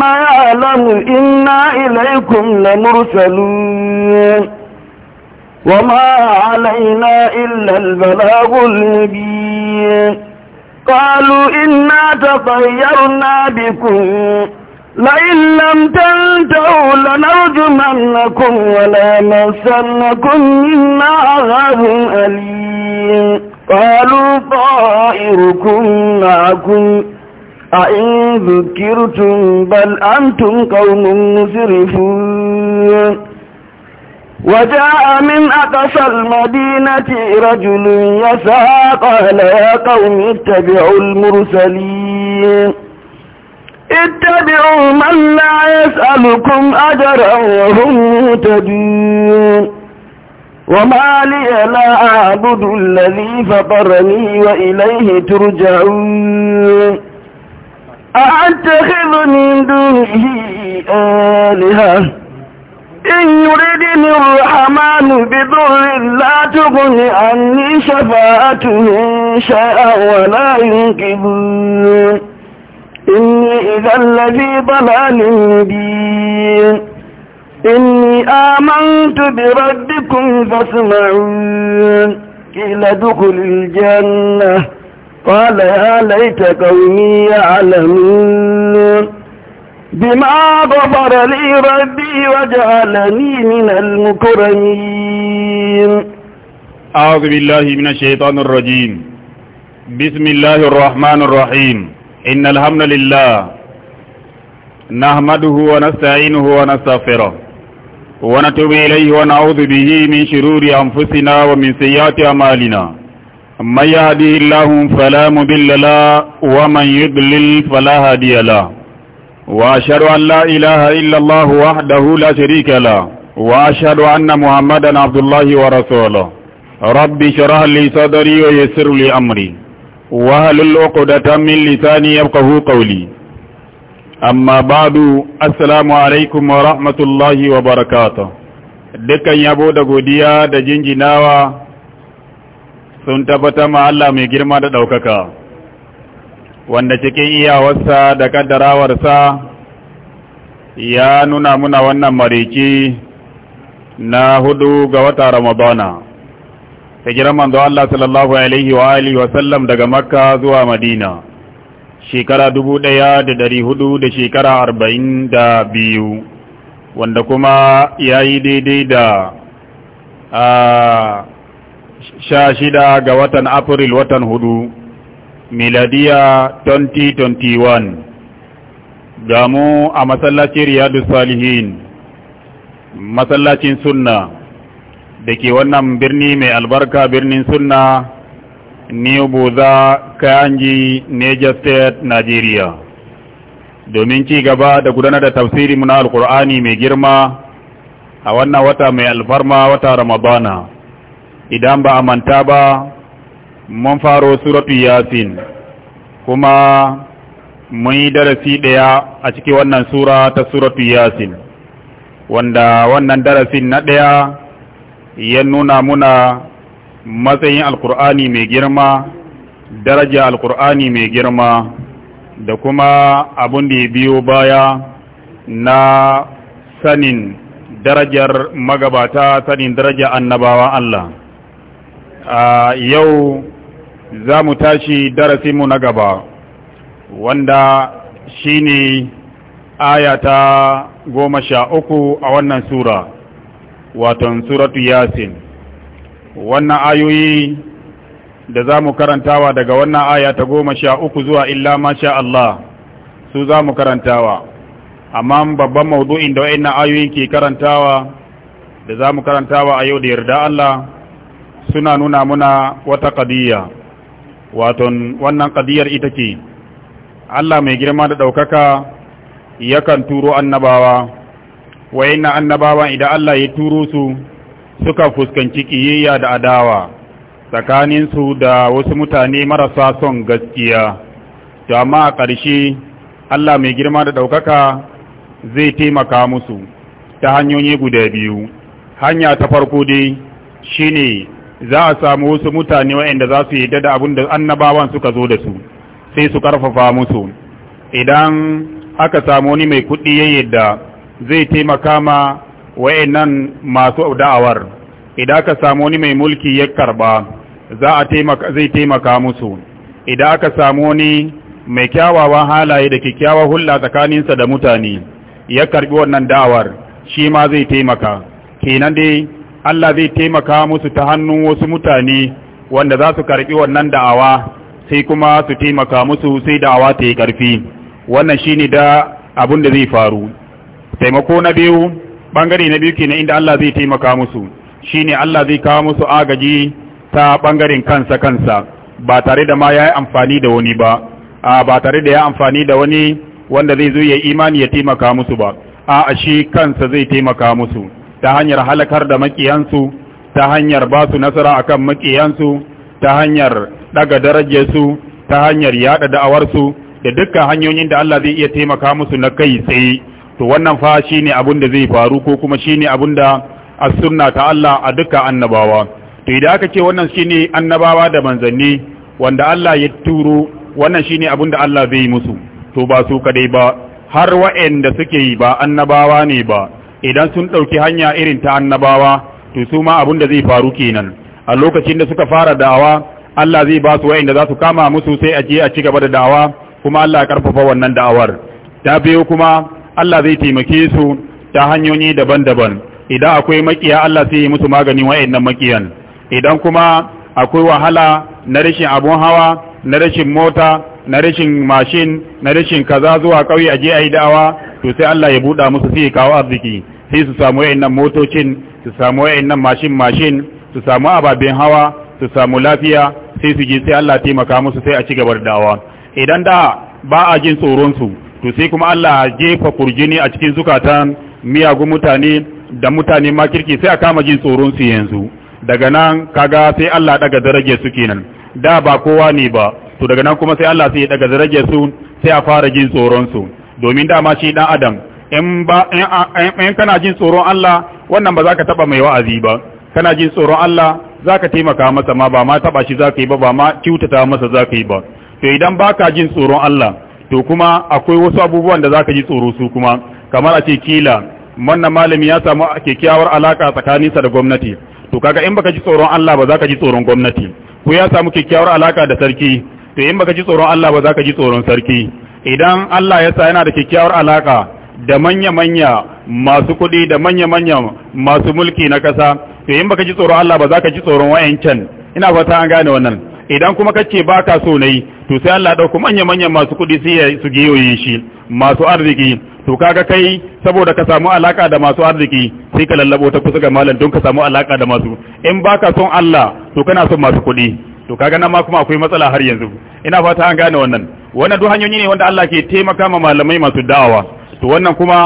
ما يعلم إنا إليكم لمرسلون وما علينا إلا البلاغ المبين قالوا إنا تطيرنا بكم لئن لم تنتهوا لنرجمنكم ولا نرسلنكم منا عذاب أليم قالوا طائركم معكم أئن ذكرتم بل أنتم قوم مسرفون وجاء من أقصى المدينة رجل يسعى قال يا قوم اتبعوا المرسلين اتبعوا من لا يسألكم أجرا وهم مهتدون وما لي لا أعبد الذي فطرني وإليه ترجعون أأتخذ من دونه آلهة إن يردني الرحمن بضر لا تغن عني شفاءتهم شيئا ولا ينقذون إني إذا لفي ضلال مبين إني آمنت بربكم فاسمعون قيل ادخل الجنة قال يا ليت قومي يعلمون بما غفر لي ربي وجعلني من المكرمين أعوذ بالله من الشيطان الرجيم بسم الله الرحمن الرحيم إن الحمد لله نحمده ونستعينه ونستغفره ونتوب إليه ونعوذ به من شرور أنفسنا ومن سيئات أعمالنا من يهدي الله فلا مضل له ومن يضلل فلا هادي له وأشهد أن لا إله إلا الله وحده لا شريك له وأشهد أن محمدا عبد الله ورسوله ربي شرح لي صدري ويسر لي أمري وهل العقدة من لساني يفقه قولي أما بعد السلام عليكم ورحمة الله وبركاته dukkan yabo da godiya da jinjinawa sun tabbata ma Allah mai girma da ɗaukaka, wanda cikin iyawarsa da ƙaddarawarsa ya nuna muna wannan mariki na hudu ga wata Ramadana. ta Hijirar manzo Allah sallallahu Alaihi wa Alihi wasallam daga Makka zuwa Madina, shekara dubu ɗaya da dari hudu da shekara arba'in da biyu, wanda kuma ya yi daidai da ah, sha shida ga watan Afril watan hudu, miladiya 2021, gamu a masallacin Riyadu Salihin, masallacin sunna da ke wannan birni mai albarka birnin sunna New Buza, Kayanji, Niger State, Nigeria. Domin ci gaba da gudanar da tafsiri muna Alkur'ani mai girma a wannan wata mai alfarma wata Ramadana. idan ba a manta ba mun faro suratu yasin kuma mun yi darasi ɗaya a cikin wannan sura ta suratu yasin wanda wannan darasin na ɗaya ya nuna muna matsayin alkur'ani mai girma daraja alkur'ani mai girma da kuma abin da ya biyo baya na sanin darajar magabata sanin darajar annabawa Allah yau za mu tashi darasinmu na gaba wanda shi ne ayata goma sha uku a wannan sura waton suratu yasin wannan ayoyi da za mu karantawa daga wannan ayata goma sha uku zuwa illa masha Allah su za mu karantawa amma babban maudu'in da wa'in ayoyi ke karantawa da za mu karantawa a yau da yarda Allah suna nuna muna wata ƙadiyya waton wannan ƙadiyyar ita ce Allah mai girma da ɗaukaka yakan turo annabawa na annabawa idan Allah ya turo su suka fuskanci ƙiyayya da adawa tsakaninsu da wasu mutane marasa son gaskiya to amma a ƙarshe Allah mai girma da ɗaukaka zai taimaka musu ta hanyoyi guda biyu hanya ta farko dai shine za a samu wasu mutane waɗanda za su yadda da abin da annabawan suka zo da su sai su karfafa musu idan aka samu wani mai kuɗi ya yadda zai taimaka ma waɗannan masu da'awar idan aka samu wani mai mulki ya karba za a taimaka zai taimaka musu idan aka samu wani mai kyawawan halaye da kyakkyawar hulɗa tsakaninsa da mutane ya karbi wannan da'awar shi ma zai taimaka kenan dai Allah zai taimaka musu ta hannun wasu mutane wanda za su karɓi wannan da'awa sai kuma su taimaka musu sai da'awa ta yi ƙarfi wannan shi ne da abin da zai faru taimako na biyu ɓangare na biyu ke kenan inda Allah zai taimaka musu shi ne Allah zai kawo musu agaji ta ɓangaren kansa kansa ba tare da ma ya yi amfani da wani ba a ba tare da ya amfani da wani wanda zai zo ya imani ya taimaka musu ba a shi kansa zai taimaka musu ta hanyar halakar da makiyansu ta hanyar ba su nasara akan makiyansu ta hanyar daga darajarsu ta hanyar yada da'awarsu da dukkan hanyoyin da Allah zai iya taimaka musu na kai tsaye to wannan fa shine abin da zai faru ko kuma shine abin da as-sunna ta Allah a duka annabawa to idan aka ce wannan shine annabawa da manzanni wanda Allah ya turo wannan shine abin da Allah zai musu to ba su kadai ba har wa'anda suke yi ba annabawa ne ba idan sun ɗauki hanya irin ta annabawa to su ma abin da zai faru kenan a lokacin da suka fara da'awa Allah zai ba su wa'inda za su kama musu sai a je a ci gaba da da'awa kuma Allah ya karfafa wannan da'awar ta biyu kuma Allah zai taimake su ta hanyoyi daban-daban idan akwai makiya Allah sai ya musu magani wa'annan makiyan idan kuma akwai wahala na rashin abun hawa na rashin mota na rashin mashin na rashin kaza zuwa kauye aje ayi da'awa to sai Allah ya buɗa musu sai kawo arziki sai su samu wayannan motocin su samu wayannan mashin mashin su samu ababen hawa su samu lafiya sai su ji sai Allah taimaka musu sai a ci gaba da da'awa idan da ba a jin tsoron su to sai kuma Allah ya jefa kurjini a cikin zukatan miyagun mutane da mutane ma kirki sai a kama jin tsoron su yanzu daga nan kaga sai Allah daga darajar su kenan da ba kowa ne ba to daga nan kuma sai Allah sai ya daga zarage su sai a fara jin tsoron su domin dama shi dan adam in ba in kana jin tsoron Allah wannan ba za taba mai wa'azi ba kana jin tsoron Allah za taimaka masa ma ba ma taba shi za yi ba ba ma kyautata masa za yi ba to idan baka jin tsoron Allah to kuma akwai wasu abubuwan da zaka ka ji tsoro su kuma kamar a ce kila wannan malami ya samu kyakkyawar alaka tsakaninsa da gwamnati to kaga in baka ji tsoron Allah ba za ji tsoron gwamnati ko ya samu kyakkyawar alaka da sarki to in baka ji tsoron Allah ba za ka ji tsoron sarki idan Allah ya sa yana da kyakkyawar alaka da manya-manya masu kuɗi da manya-manya masu mulki na ƙasa to in baka ji tsoron Allah ba za ka ji tsoron wayancan ina fata an gane wannan idan kuma kace ba ka so nayi to sai Allah dauko manya-manya masu kuɗi su giyoyi shi masu arziki to kaga kai saboda ka samu alaka da masu arziki sai ka lallabo ta kusa ga malam don ka samu alaka da masu in baka son Allah to kana son masu kuɗi to kaga nan ma kuma akwai matsala har yanzu ina fata an gane wannan wannan duk hanyoyi ne wanda Allah ke taimaka ma malamai masu da'awa to wannan kuma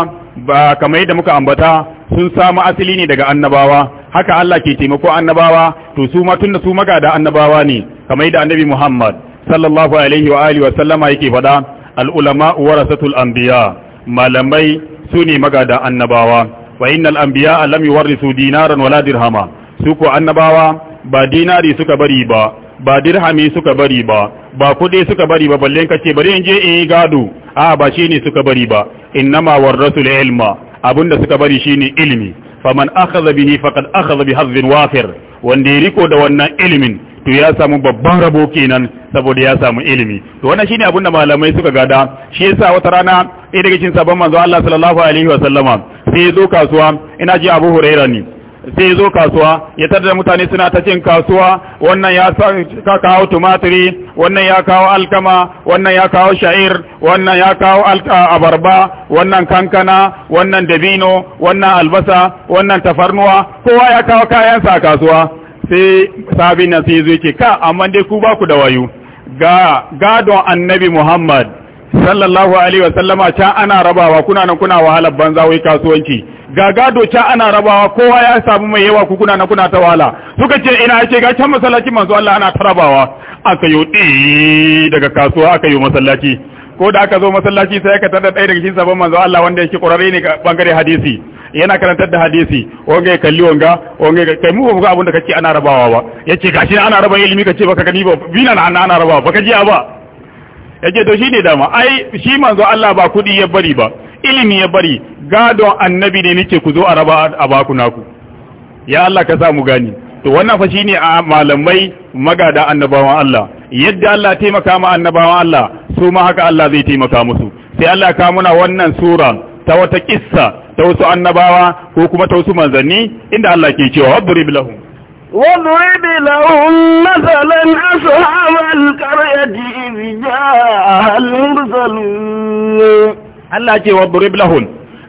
ba kamar yadda muka ambata sun samu asali ne daga annabawa haka Allah ke taimako annabawa to su ma tunda su magada annabawa ne kamar yadda annabi Muhammad sallallahu alaihi wa alihi wa sallama yake faɗa al ulama warasatul anbiya malamai su ne magada annabawa wa innal anbiya lam yuwarrisu dinaran wala dirhama su ko annabawa ba dinari suka bari ba ba dirhami suka bari ba ba kuɗi suka bari ba balle kace bari in je in yi gado a ba shine suka bari ba innama warasul ilma abinda suka bari shine ilimi faman akhadha bihi faqad akhadha bihadhin wafir wanda ya riko da wannan ilimin to ya samu babban rabo kenan saboda ya samu ilimi to wannan shine abinda malamai suka gada shi yasa wata rana ɗaya daga cikin sabon manzo Allah sallallahu alaihi wa sallama sai ya zo kasuwa ina ji Abu Hurairah ne zai zo kasuwa ya tar mutane suna ta cin kasuwa wannan ya kawo tumatiri wannan ya kawo alkama wannan ya kawo sha'ir wannan ya kawo abarba wannan kankana wannan dabino wannan albasa wannan tafarnuwa kowa ya kawo kayansa a kasuwa sai sabin nan sai zo ka amma dai ku baku da wayo. ga gadon annabi muhammad sallallahu alaihi wasallama can ana rabawa kuna nan kuna wahalar banza wai kasuwanci ga gado ta ana rabawa kowa ya samu mai yawa ku kuna na kuna ta wahala suka ce ina ce ga can masallaci manzo Allah ana tarabawa aka yi daga kasuwa aka yi masallaci ko da aka zo masallaci sai aka tada ɗaya daga cikin sabon manzo Allah wanda yake ƙwararre ne bangare hadisi yana karantar da hadisi wanga ya kalli wanga wanga ya kai mu ba ga abin da kace ana rabawa ba yace gashi ana raba ilimi kace baka gani ba bina na ana rabawa baka ji ba yace to shine dama ai shi manzo Allah ba kudi ya bari ba ilimi ya bari gadon annabi ne nake ku zo a raba a baku naku ya Allah ka sa mu gani to wannan fa shine a malamai magada annabawan Allah yadda Allah taimaka ma annabawan Allah su ma haka Allah zai taimaka musu sai Allah ka muna wannan sura ta wata kissa ta wasu annabawa ko kuma ta wasu manzanni inda Allah ke cewa wadrib lahum واضرب لهم مثلا أصحاب القرية إذ جاء المرسلون الله يقول واضرب لهم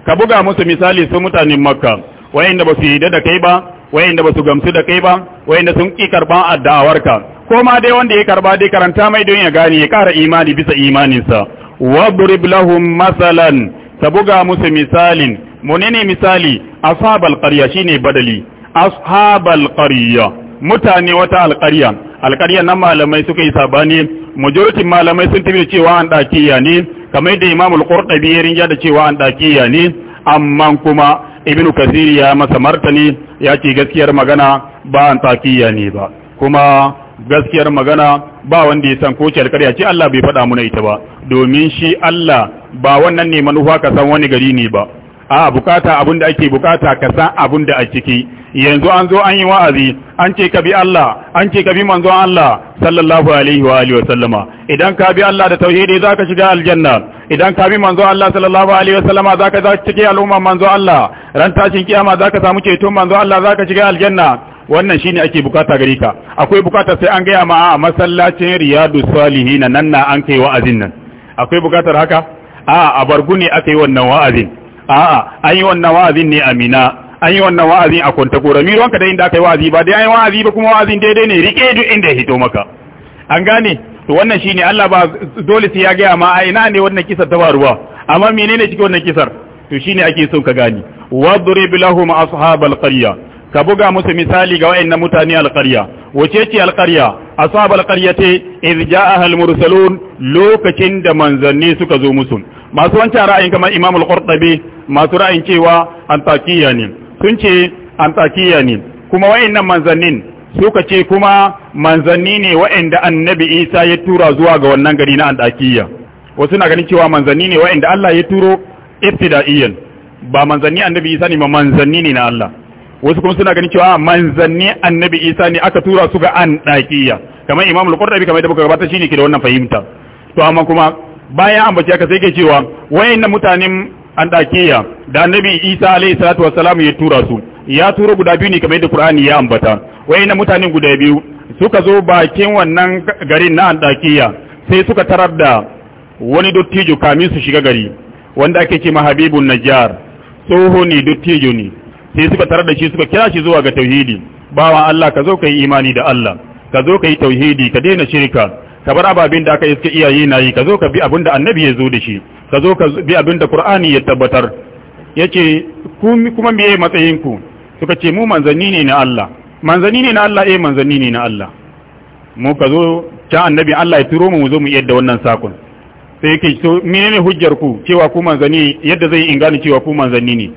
ka buga musu misali su mutanen makka wayanda ba su yi da kai ba wayanda ba su gamsu da kai ba wayanda sun ki karban addawarka ko ma dai wanda ya karba dai karanta mai don ya gane ya kara imani bisa imaninsa wadrib lahum masalan ka buga musu misalin munene misali ashabal qarya shine badali ashabal qarya mutane wata alqarya alqarya nan malamai suka yi sabani majority malamai sun tabbata cewa an ya ne kamar yadda Imam al-Qurtubi ya rinja da cewa an ya ne amma kuma Ibn kasiri ya masa martani ya ce gaskiyar magana ba an ya ne ba kuma gaskiyar magana ba wanda ya san ko ce alƙarya ce Allah bai faɗa muna ita ba domin shi Allah ba wannan ne manufa ka san wani gari ne ba a bukata abin da ake bukata ka san abin da a ciki yanzu an zo an yi wa'azi an ce ka bi Allah an ce ka bi manzon Allah sallallahu alaihi wa alihi wa sallama idan ka bi Allah da tauhidi zaka shiga aljanna idan ka bi manzon Allah sallallahu alaihi wa sallama zaka za cike al'umma manzon Allah ran tashin kiyama zaka samu ceton manzon Allah zaka shiga aljanna wannan shine ake bukata gare ka akwai bukata sai an gaya ma a masallacin riyadu salihin nan na an kai wa'azin nan akwai bukatar haka a a bargu ne aka yi wannan wa'azin a a an yi wannan wa'azin ne amina an yi wannan wa'azin a kwanta gora mi ruwanka da inda aka yi wa'azi ba dai an yi wa'azi ba kuma wa'azin daidai ne rike duk inda ya hito maka an gane to wannan shine Allah ba dole sai ya gaya ma a ina ne wannan kisar ta faruwa amma menene cikin wannan kisar to shine ake son ka gane wadrib lahum ashabal qarya ka buga musu misali ga wayannan mutane alqarya wace ce alqarya ashabal qaryati idh ja'aha almursalun lokacin da manzanni suka zo musu masu wancan ra'ayin kamar imamul qurtubi masu ra'ayin cewa antakiya ne sun ce antsakiya ne kuma wayannan manzannin suka ce kuma manzanni ne wayanda annabi Isa ya tura zuwa ga wannan gari na antsakiya wasu na ganin cewa manzanni ne wayanda Allah ya turo iftida'iyan ba manzanni annabi Isa ne ma manzanni ne na Allah wasu kuma suna ganin cewa manzanni annabi Isa ne aka tura su ga antakiya kamar Imam Al-Qurtubi kamar da muka gabata shine ke da wannan fahimta to amma kuma bayan ambaci aka sai ke cewa wayannan mutanen an dakiya da annabi isa alayhi salatu wassalam ya tura su ya tura guda biyu ne kamar yadda qur'ani ya ambata na mutanen guda biyu suka zo bakin wannan garin na andakiya sai suka tarar da wani dottijo kamin su shiga gari wanda ake ce mahabibun najjar tsoho ne dottijo ne sai suka tarar da shi suka kira shi zuwa ga tauhidi bawan Allah ka zo ka yi imani da Allah ka zo ka yi tauhidi ka daina shirka ka bar ababin da aka iske iyaye na yi ka zo ka bi abin da annabi ya zo da shi ka zo ka bi abin da qur'ani ya tabbatar yace kuma meye matsayin ku suka ce mu manzanni ne na Allah manzanni ne na Allah eh manzanni ne na Allah mu ka zo ta annabi Allah ya turo mu mu zo mu yadda wannan sakon sai yake to menene hujjar ku cewa ku manzanni yadda zai ingani cewa ku manzanni ne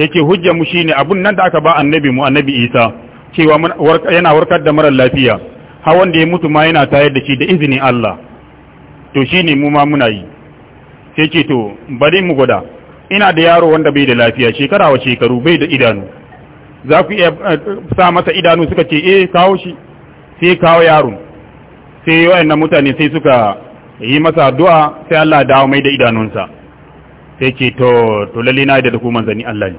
yake hujjar mu shine abun nan da aka ba annabi mu annabi Isa cewa yana warkar da mara lafiya Hawan da ya mutu ma yana tayar da shi da izinin Allah to shine mu ma muna yi sai ce to bari mu gwada ina da yaro wanda bai da lafiya shekara wa shekaru bai da idanu za ku iya eh, sa masa idanu suka ce eh kawo shi sai kawo yaron sai wayannan mutane sai suka yi masa addu'a sai Allah dawo mai da idanunsa sai ce to to lalle na da ku manzani Allah ne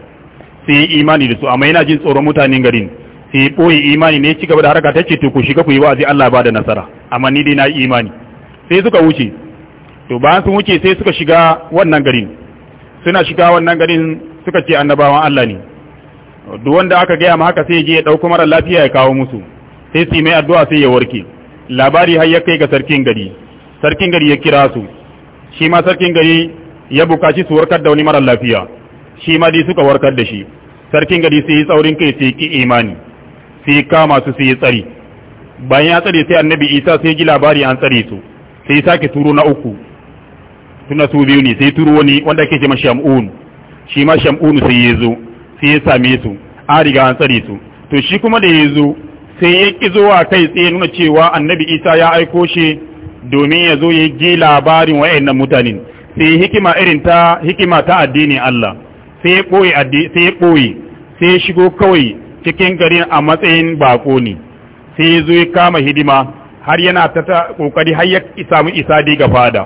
sai imani da su amma yana jin tsoron mutanen garin su yi ɓoye imani ne ci gaba da harka ta ce to ku shiga ku yi wa'azi Allah ba da nasara amma ni dai na yi imani sai suka wuce to bayan sun wuce sai suka shiga wannan garin suna shiga wannan garin suka ce annabawan Allah ne duk wanda aka gaya ma haka sai ya je ya ɗauko mara lafiya ya kawo musu sai su mai addu'a sai ya warke labari har ya kai ga sarkin gari sarkin gari ya kira su shi ma sarkin gari ya bukaci su warkar da wani mara lafiya shi ma dai suka warkar da shi sarkin gari sai yi tsaurin kai sai ki imani sai kama su sai ya tsare bayan ya tsare sai annabi isa sai ji labari an tsare su sai sake turo na uku tuna su biyu ne sai turo wani wanda ake ce shamun shi ma shamun sai ya zo sai ya same su an riga an tsare su to shi kuma da ya zo sai ya ki a kai tsaye nuna cewa annabi isa ya aiko shi domin ya zo ya ji labarin wa'annan mutanen sai hikima irin ta hikima ta addini Allah sai ya ɓoye sai ya ɓoye sai ya shigo kawai cikin garin a matsayin bako ne sai ya zo ya kama hidima har yana ta kokari har ya samu isa dai ga fada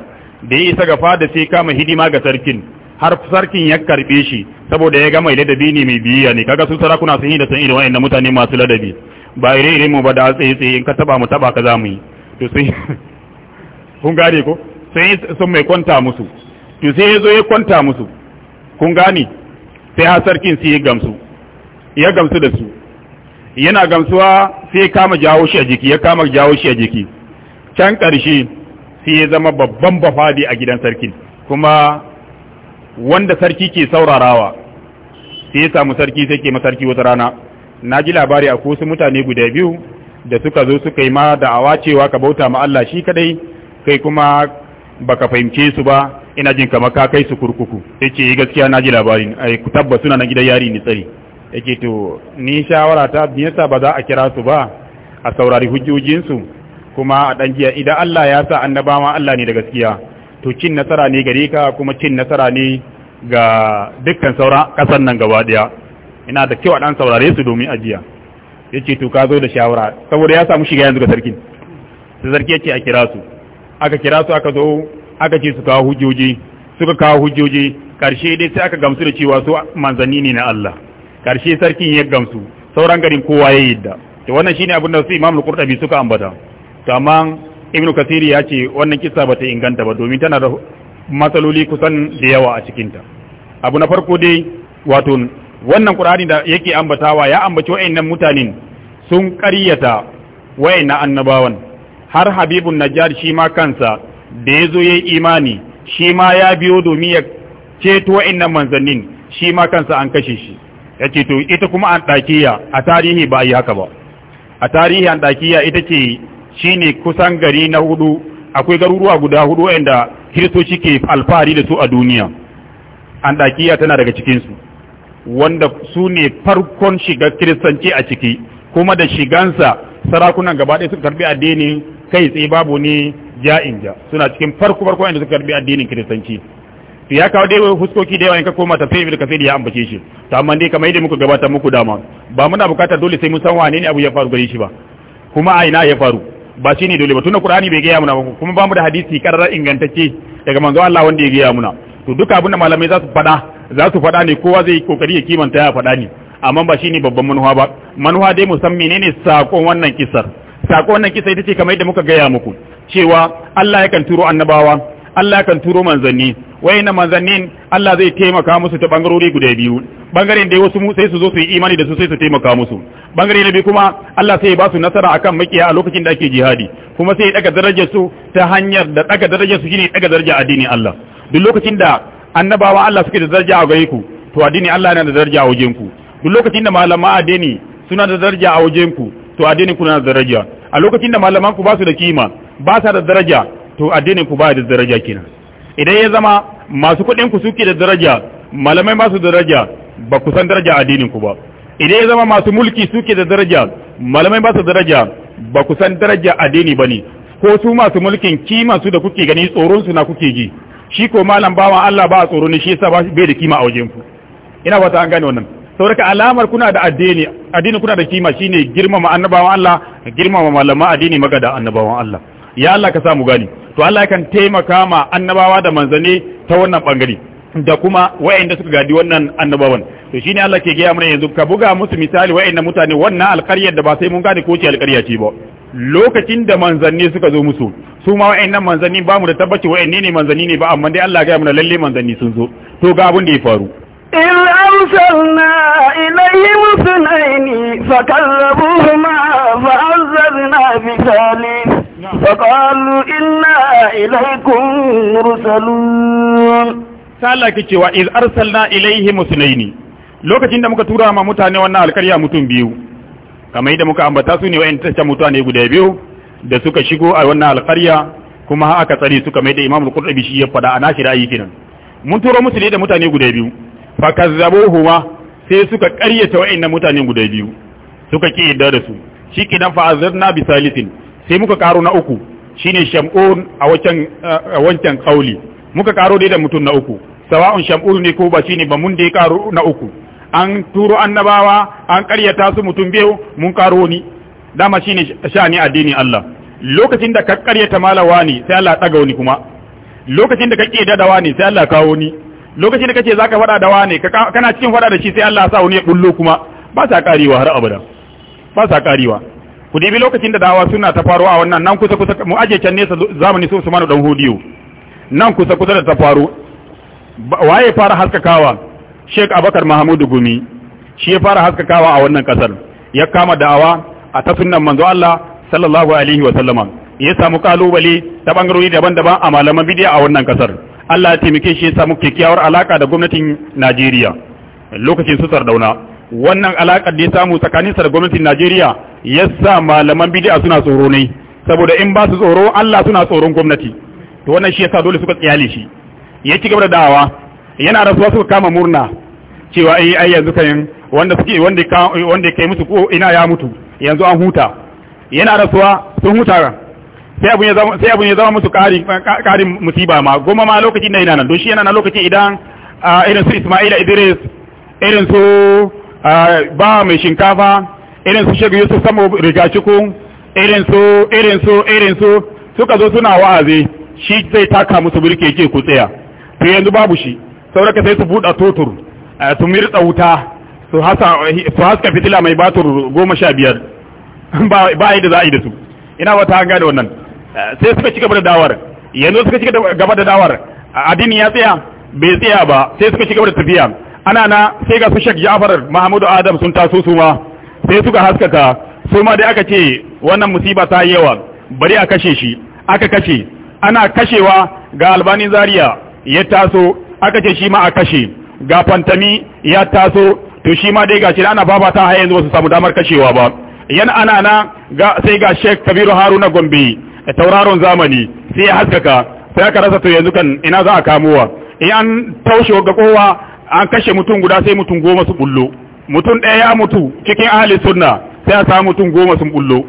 da ya isa ga fada sai kama hidima ga sarkin har sarkin ya karbe shi saboda ya ga mai ladabi ne mai biyayya ne kaga su sarakuna sun yi da san irin wa'annan mutane masu ladabi ba irin irin mu ba da tsaye tsaye in ka taba mu taba ka zamu yi to sai kun gane ko sai sun mai kwanta musu to sai ya zo ya kwanta musu kun gane sai har sarkin sai ya gamsu ya gamsu da su yana gamsuwa sai kama jawo shi a jiki ya kama jawo shi a jiki can ƙarshe sai ya zama babban bafadi a gidan sarki kuma wanda sarki ke saurarawa sai ya samu sarki sai ke masarki wata rana na ji labari a kusa mutane guda biyu da suka zo suka yi ma da'awa cewa ka bauta ma Allah shi kadai kai kuma baka fahimce su ba ina jin kamar ka kai su kurkuku sai ce eh, gaskiya na ji labarin ai ku tabbas suna na gidan yari ni tsari yake to ni shawara ta biyarsa ba za a kira su ba a saurari hujjojinsu kuma a dan jiya idan Allah ya sa annabawa Allah ne da gaskiya to cin nasara ne gare ka kuma cin nasara ne ga dukkan sauran ƙasar nan gaba ɗaya ina da kyau a ɗan saurare su domin ajiya ya ce to ka zo da shawara saboda ya samu shiga yanzu ga sarkin su sarki ya ce a kira su aka kira su aka zo aka ce su kawo hujjoji suka kawo hujjoji ƙarshe dai sai aka gamsu da cewa su manzanni ne na Allah karshe sarkin ya gamsu sauran garin kowa ya yadda to wannan shine abin da su Imam Al-Qurtubi suka ambata to amma Ibn Kathir ya ce wannan kissa bata inganta ba domin tana da matsaloli kusan da yawa a cikin ta abu na farko dai wato wannan Qur'ani da yake ambatawa ya ambaci wayannan mutanen sun ƙaryata wayannan annabawan har Habibun Najjar shi ma kansa da yazo yayi imani shi ma ya biyo domin ya ceto wayannan manzannin shi ma kansa an kashe shi yace to ita kuma an dakiya a tarihi ba yi haka ba a tarihi an dakiya ita ce shine kusan gari na hudu akwai garuruwa guda hudu wanda kiristoci ke alfahari da su a duniya an dakiya tana daga cikin su wanda su ne farkon shiga kiristanci a ciki kuma da shigansa sarakunan gaba ɗaya suka karbi addinin kai tsaye babu ne ja'in ja suna cikin farko farko inda suka karbi addinin kiristanci to ya kawo dai huskoki da yawa in ka koma tafsir ibn da ya ambace shi to amma dai kamar yadda muka gabata muku dama ba muna bukatar dole sai mun san wane ne abu ya faru gare shi ba kuma a ina ya faru ba shi ne dole ba tunda qur'ani bai gaya muna ba kuma ba mu da hadisi karar ingantacce daga manzo Allah wanda ya gaya muna to duka abin da malamai za su faɗa za su faɗa ne kowa zai kokari ya kimanta ya faɗa ne amma ba shine babban manuwa ba manuwa dai mu san menene sakon wannan kisar sakon wannan kisar ita ce kamar yadda muka gaya muku cewa Allah yakan turo annabawa Allah kan turo manzanni wayannan manzannin Allah zai taimaka musu ta bangarori guda biyu bangaren da wasu sai su zo su yi imani da su sai su taimaka musu bangare na biyu kuma Allah sai ya ba su nasara akan makiya a lokacin da ake jihadi kuma sai ya daga darajar su ta hanyar da daga darajar su shine daga daraja addinin Allah duk lokacin da annabawa Allah suke da daraja a gare ku to addini Allah yana da daraja a wajen ku duk lokacin da malama addini suna da daraja a wajen ku to addini kuna da daraja a lokacin da malaman ku ba su da kima ba sa da daraja to addinin ku ba da daraja kenan idan ya zama masu kuɗin ku suke da daraja malamai masu daraja ba ku san daraja addinin ku ba idan ya zama masu mulki suke da daraja malamai masu daraja ba ku san daraja addini bane ko su masu mulkin kima su da kuke gani tsoron su na kuke ji shi ko malam bawa Allah ba a tsoro ne shi yasa ba bai da kima a wajen ku ina fata an gane wannan saboda alamar kuna da addini addini kuna da kima shine girmama annabawan Allah girmama malama addini magada annabawan Allah ya Allah ka sa mu gani to Allah kan taimaka ma annabawa da manzani ta wannan bangare da kuma wa'anda suka gadi wannan annabawan to shine Allah ke gaya mana yanzu ka buga musu misali wa'anda mutane wannan alƙaryar da ba sai mun gane ko ce alƙarya ce ba lokacin da manzanni suka zo musu su ma wa'annan manzanni ba mu da tabbaci wa'anne ne manzanni ne ba amma dai Allah ya gaya mana lalle manzanni sun zo to ga abin da ya faru إذ أرسلنا إليهم اثنين فكذبوهما فعززنا بثالث فقالوا إنا إليكم مرسلون Allah ke cewa in iz arsalna ilaihi musnaini lokacin da muka tura ma mutane wannan alƙarya mutum biyu kamar yadda muka ambata su ne wayan tace mutane guda biyu da suka shigo a wannan alƙarya kuma haka tsari suka kamar yadda Imam al bishiyar shi ya faɗa a nashi ra'ayi kenan mun turo musu da mutane guda biyu fakazzabuhuma sai suka ƙaryata wa'annan mutanen guda biyu suka ki yadda da su shi kidan azzarna bi salisin sai muka karo na uku shine shamun a wancan a wancan kauli muka karo dai da mutum na uku sawa'un shamun ne ko ba shine ba mun dai karo na uku an turo annabawa an ƙaryata su mutum biyu mun karo ni dama shine shani addini Allah lokacin da ka ƙaryata malawa ne sai Allah ɗaga wani kuma lokacin da ka ƙeda da wani sai Allah kawo ni lokacin da kace zaka fada da wane kana cikin fada da shi sai Allah ya sa wani ya bullo kuma ba sa karewa har abada ba sa karewa ku dibi lokacin da dawa suna ta a wannan nan kusa kusa mu aje can nesa zamani su Usman dan Hudiyo nan kusa kusa da ta faru waye fara haskakawa Sheikh Abakar Mahmud Gumi shi ya fara haskakawa a wannan kasar ya kama dawa a ta sunnan manzo Allah sallallahu alaihi wa sallama ya samu kalubale ta bangarori daban-daban a malaman bidiya a wannan kasar Allah ya taimake shi ya samu kyakkyawar alaka da gwamnatin Najeriya lokacin su sardauna wannan alakar da ya samu tsakanin sa da gwamnatin Najeriya ya sa malaman bid'a suna tsoro ne saboda in ba su tsoro Allah suna tsoron gwamnati to wannan shi yasa dole suka tsiyale shi ya ci gaba da dawa yana rasuwa suka kama murna cewa ai eh, ai yanzu kan wanda suke wanda wanda kai musu ko ina ya mutu yanzu an huta yana rasuwa sun huta sai abun ya zama musu ƙarin musiba ma goma ma lokacin na yana nan don shi yana na lokacin idan irin su Ismaila Idris irin su ba mai shinkafa irin su Shehu Yusuf riga Rigacikun irin su irin su irin su suka zo suna wa'azi shi zai taka musu birke ce ku tsaya to yanzu babu shi sauraka sai su buɗa totur su mirta wuta su haska fitila mai batur goma sha biyar ba a yi da za a yi da su ina wata hanga da wannan Eh, sai suka cigaba da dawar yanzu suka cigaba gaba da dawar addini ya tsaya bai tsaya ba sai suka cigaba da tafiya ana na sai ga su shek Ja'far mahamudu Adam sun taso su ma sai suka haskaka su ma dai aka ce wannan musiba ta yawa bari a kashe shi aka kashe ana kashewa ga Albani Zaria ya taso aka ce shi ma a kashe ga Fantami ya taso to shi ma dai ga shi ana babata har yanzu ba su samu damar kashewa ba yan ana na sai ga Sheikh Kabiru Haruna Gombe tauraron zamani sai ya haskaka sai aka rasa to yanzu kan ina za a kamowa in an taushe ga kowa an kashe mutum guda sai mutum goma su bullo mutum ɗaya ya mutu cikin ahli sunna sai a samu mutum goma sun bullo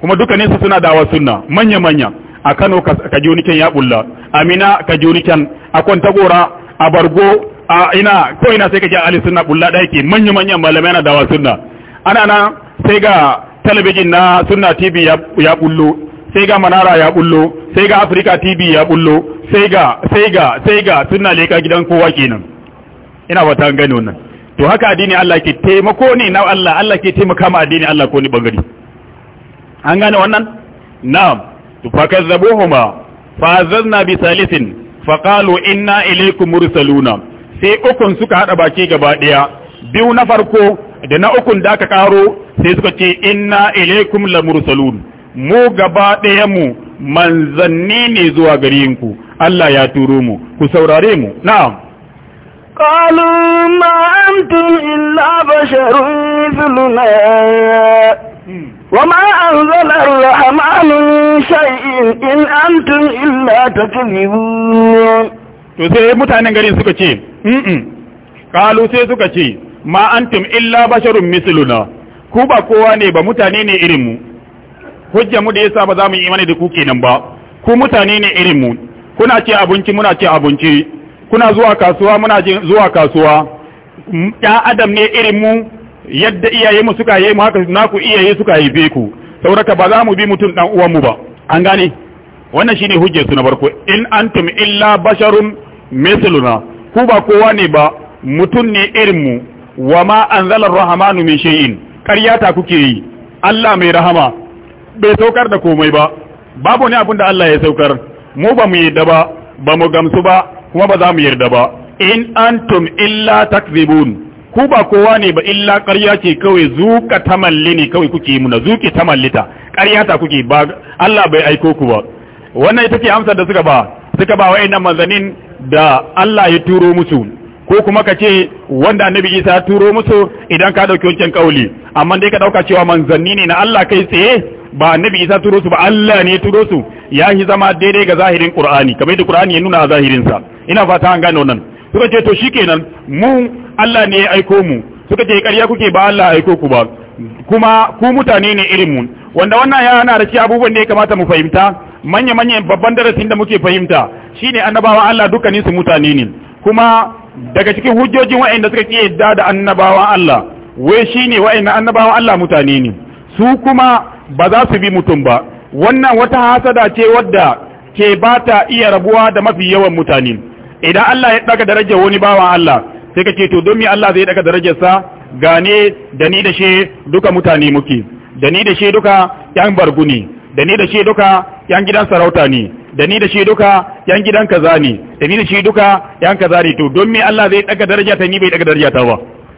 kuma ne su suna dawa sunna manya manya a Kano ka joniken ya bulla Amina ka joniken a Kwantagora a Bargo a ina ko ina sai kake ahli sunna bulla da yake manya manya malamai na dawa sunna ana nan sai ga talabijin na sunna TV ya bullo sai ga manara ya bullo sai ga Africa TV ya bullo sai ga sai ga sai ga suna leka gidan kowa kenan ina fata an gani wannan to haka addini Allah ke taimako ne na Allah Allah ke taimaka ma addini Allah ko ni bangare an gane wannan na'am to fa fa'azzazna bi salisin qalu inna ilaykum mursaluna sai ukun suka hada baki gaba daya biyu na farko da na ukun da aka karo sai suka ce inna ilaykum mursalun mu gaba ɗaya mu manzanni ne zuwa garinku Allah ya turo mu ku saurare mu na'am قالوا ما أنتم إلا بشر مثلنا وما أنزل الرحمن من شيء in أنتم إلا تكذبون to sai mutanen garin suka ce kalu sai suka ce ma antum illa basharun misluna ku ba kowa ne ba mutane ne irin mu hujja mu da yasa ba za mu yi imani da ku kenan ba ku mutane ne irin mu kuna ci abinci muna ci abinci kuna zuwa kasuwa muna zuwa kasuwa ɗan mm, adam ne irin mu yadda iyaye mu suka yi mu haka ku iyaye suka yi be ku sauraka ba za mu bi mutum dan uwan mu ba an gane wannan shine hujjar su na farko in antum illa basharun mithluna ku ba kowa ne ba mutum ne irin mu wa ma anzalar rahmanu min shay'in ƙarya ta kuke yi Allah mai rahama bai saukar da komai ba babu ne abin da Allah ya saukar mu ba mu yarda ba ba mu gamsu ba kuma ba za mu yarda ba in antum illa takzibun ku ba kowa ne ba illa ƙarya ce kawai zuka tamalli ne kawai kuke muna zuki tamallita ƙarya ta kuke ba Allah bai aiko ku ba wannan ita ce amsar da suka ba suka ba wa'annan manzanin da Allah ya turo musu ko kuma ka ce wanda annabi isa ya turo musu idan ka dauki wancan kauli amma dai ka dauka cewa manzanni ne na Allah kai tsaye ba annabi isa turo su ba Allah ne turo su ya yi zama daidai ga zahirin qur'ani kamar yadda qur'ani ya nuna a zahirin sa ina fata an gane wannan suka ce to shikenan mu Allah ne ya aiko mu suka ce ƙarya kuke ba Allah ya aiko ku ba kuma ku mutane ne irin mu wanda wannan ya yana da shi abubuwan da ya kamata mu fahimta manya manya babban darasin da muke fahimta shine annabawa Allah dukkanin su mutane ne kuma daga cikin hujjojin wa'anda suka ki yadda da annabawa Allah wai shine wa'anda annabawa Allah mutane ne su kuma ba za su bi mutum ba wannan wata hasada ce wadda ke ba ta iya rabuwa da mafi yawan mutane idan Allah ya daga darajar wani bawan Allah sai ka ce to don me Allah zai daga darajarsa gane da ni da she duka mutane muke da ni da she duka yan bargu ne da ni da she duka yan gidan sarauta ne da ni da she duka yan gidan kaza ne da ni da she duka yan kaza ne to don me Allah zai daga darajar ta ni bai daga darajar ta ba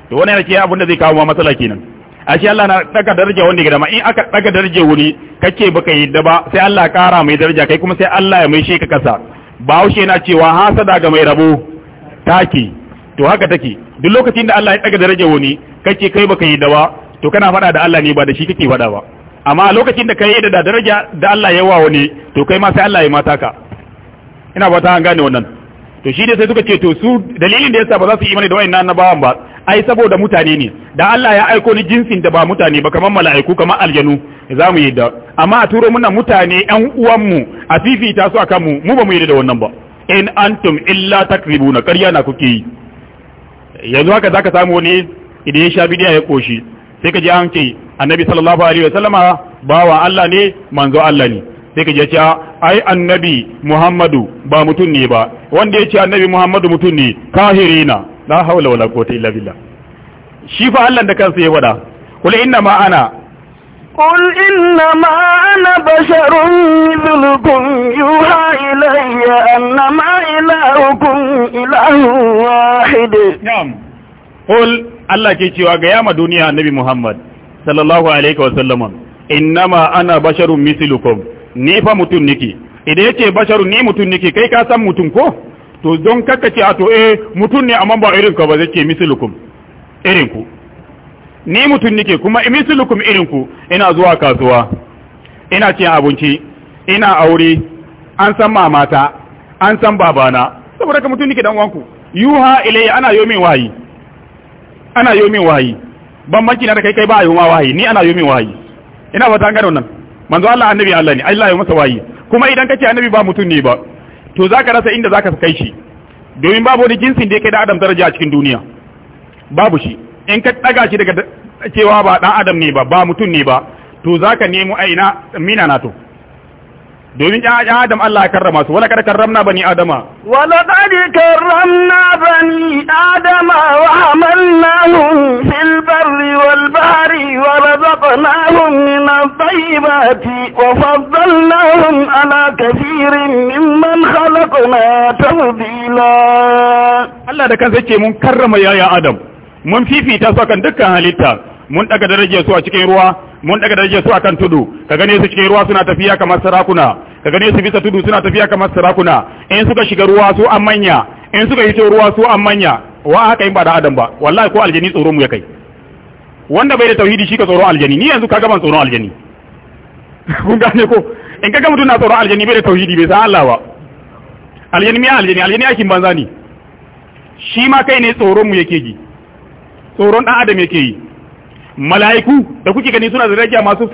to wannan ne abin da zai kawo matsala kenan ashe Allah na daga daraja wanda gida ma in aka daga daraja wuri kake baka yi ba sai Allah kara mai daraja kai kuma sai Allah ya mai shi ka kasa bawushe na cewa hasada ga mai rabo taki to haka take duk lokacin da Allah ya daga daraja wani kake kai baka yi ba to kana fada da Allah ne ba da shi kake fada ba amma lokacin da kai da daraja da Allah ya wa wani to kai ma sai Allah ya mata ka ina ba ta an gane wannan to shi dai sai suka ce to su dalilin da yasa ba za su yi imani da wayannan annabawan ba ai saboda mutane ne da Allah ya aiko ni jinsin da ba mutane ba kamar mala'iku kamar aljanu za mu yi da amma a turo muna mutane yan uwanmu a fifita su akan mu mu ba mu yi da wannan ba in antum illa takribuna ƙarya na kuke yi yanzu haka zaka samu wani idan ya sha bidiya ya koshi sai ka ji an ce annabi sallallahu alaihi wasallama bawa Allah ne manzo Allah ne sai ka je cewa ai annabi Muhammadu ba mutum ne ba wanda ya ce annabi Muhammadu mutum ne kahirina la haula wala quwwata illa billah shi fa Allah da kansa ya wada kul inna ma ana قل إنما أنا بشر مثلكم يوحى إلي أنما إلهكم إله واحد نعم قل الله كي تشوى دنيا النبي محمد صلى الله عليه وسلم إنما أنا بشر مثلكم نيفا متنكي إذا يتشي بشر ني متنكي كي كاسم متنكو to don kaka ce a to eh mutum ne amma ba irin ka ba zai ce mislukum irin ku ni mutum nike kuma mislukum irin ku ina zuwa kasuwa ina cin abinci ina aure an san mamata an san babana saboda ka mutum nike dan wanku yuha ilayya ana yomin wayi. ana yomin ban maki na da kai kai ba yoma wayi. ni ana yomin wayi. ina ba an gano nan manzo Allah annabi Allah ne Allah ya masa wayi. kuma idan kace annabi ba mutum ne ba to zaka rasa inda zaka kai shi domin babu wani jinsin da yake da adam daraja a cikin duniya babu shi in ka daga shi daga cewa ba dan adam ne ba ba mutum ne ba to zaka nemo aina mina na to domin ya ya adam Allah ya karrama su wala kada karramna bani adama wala qad karramna bani adama wa hamalnahum fil barri wal bahri wa razaqnahum min at-tayyibati wa faddalnahum ala kathirin mimman khalaqna tafdila Allah da kansa yake mun karrama yaya adam mun fifita su kan dukkan halitta mun daga darajar su a cikin ruwa mun daga darajar su akan tudu ka gane su cikin ruwa suna tafiya kamar sarakuna ka gane su bisa tudu suna tafiya kamar sarakuna in suka shiga ruwa su an manya in suka hito ruwa su an manya wa haka in ba da adam ba wallahi ko aljani tsoro mu ya kai wanda bai da tauhidi shi ka tsoron aljani ni yanzu ka gaban tsoron aljani kun gane ko in kaga mutum na tsoron aljani bai da tauhidi bai san Allah ba aljani mai aljani aljani aikin banza ne shi ma kai ne tsoron mu yake ji tsoron dan adam yake yi mala'iku da kuke gani suna da daraja masu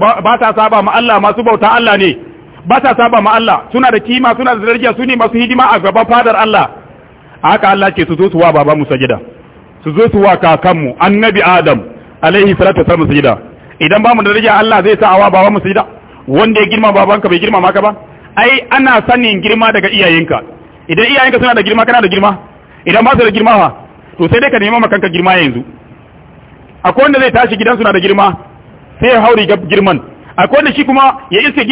ba ta saba ma Allah masu bauta Allah ne ba ta saba ma Allah suna da kima suna da daraja su ne masu hidima a gaban fadar Allah haka Allah ce su zo su wa baba mu sajida su zo su wa kakanmu annabi Adam alaihi salatu wasallam sajida idan ba mu da daraja Allah zai sa awa baba mu sajida wanda ya girma babanka bai girma maka ba ai ana sanin girma daga iyayenka idan iyayenka suna da girma kana da girma idan ba su da girma to sai dai ka nema makanka girma yanzu akwai wanda zai tashi gidansu na da girma sai ya hauri ga girman akwai wanda shi kuma ya iske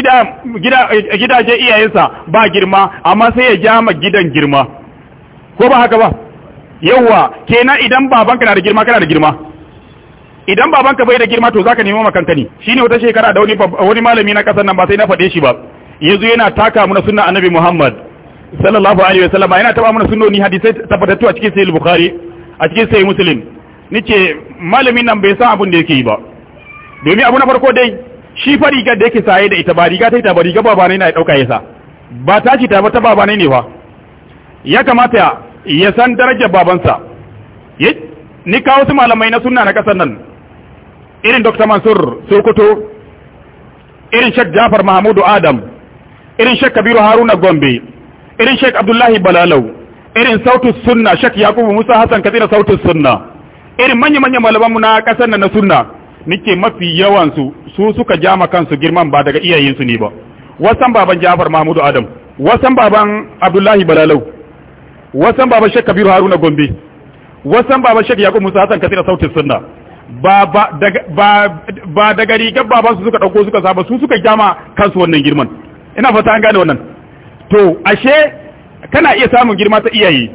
gidaje iyayensa ba girma amma sai ya ma gidan girma ko ba haka ba yawwa kenan idan babanka na da girma kana da girma idan babanka bai da girma to zaka nemo makanka ne shine wata shekara da wani malami na kasar nan ba sai na faɗe shi ba yanzu yana taka mana sunna annabi Muhammad sallallahu alaihi wasallam yana taba muna sunnoni hadisai tabbatattu a cikin sahih bukhari a cikin sahih muslim nace malamin nan bai san abin da yake yi ba domin abu na farko dai shi fa da yake saye da ita ba riga ta ita ba riga baba ne na dauka yasa ba ta ci ta ba ta baba ne ne fa ya kamata ya san darajar babansa ni kawo su malamai na sunna na kasar nan irin Dr. Mansur Sokoto irin shek Jafar mahamudu Adam irin shek Kabiru Haruna Gombe irin shek Abdullahi Balalau irin sautus sunna shek Yakubu Musa Hassan Katsina sautus sunna irin manya manya malaman mu na kasar nan na sunna nike mafi yawan su su suka jama kansu girman ba daga iyayen su ne ba wasan baban Ja'far Mahmudu Adam wasan baban Abdullahi Balalau wasan baban Sheikh Kabiru Haruna Gombe wasan baban Sheikh Yakubu Musa Hassan Katsina sautin sunna ba ba daga ba ba daga rigar baban su suka dauko suka saba su suka jama kansu wannan girman ina fata an gane wannan to ashe kana iya samun girma ta iyaye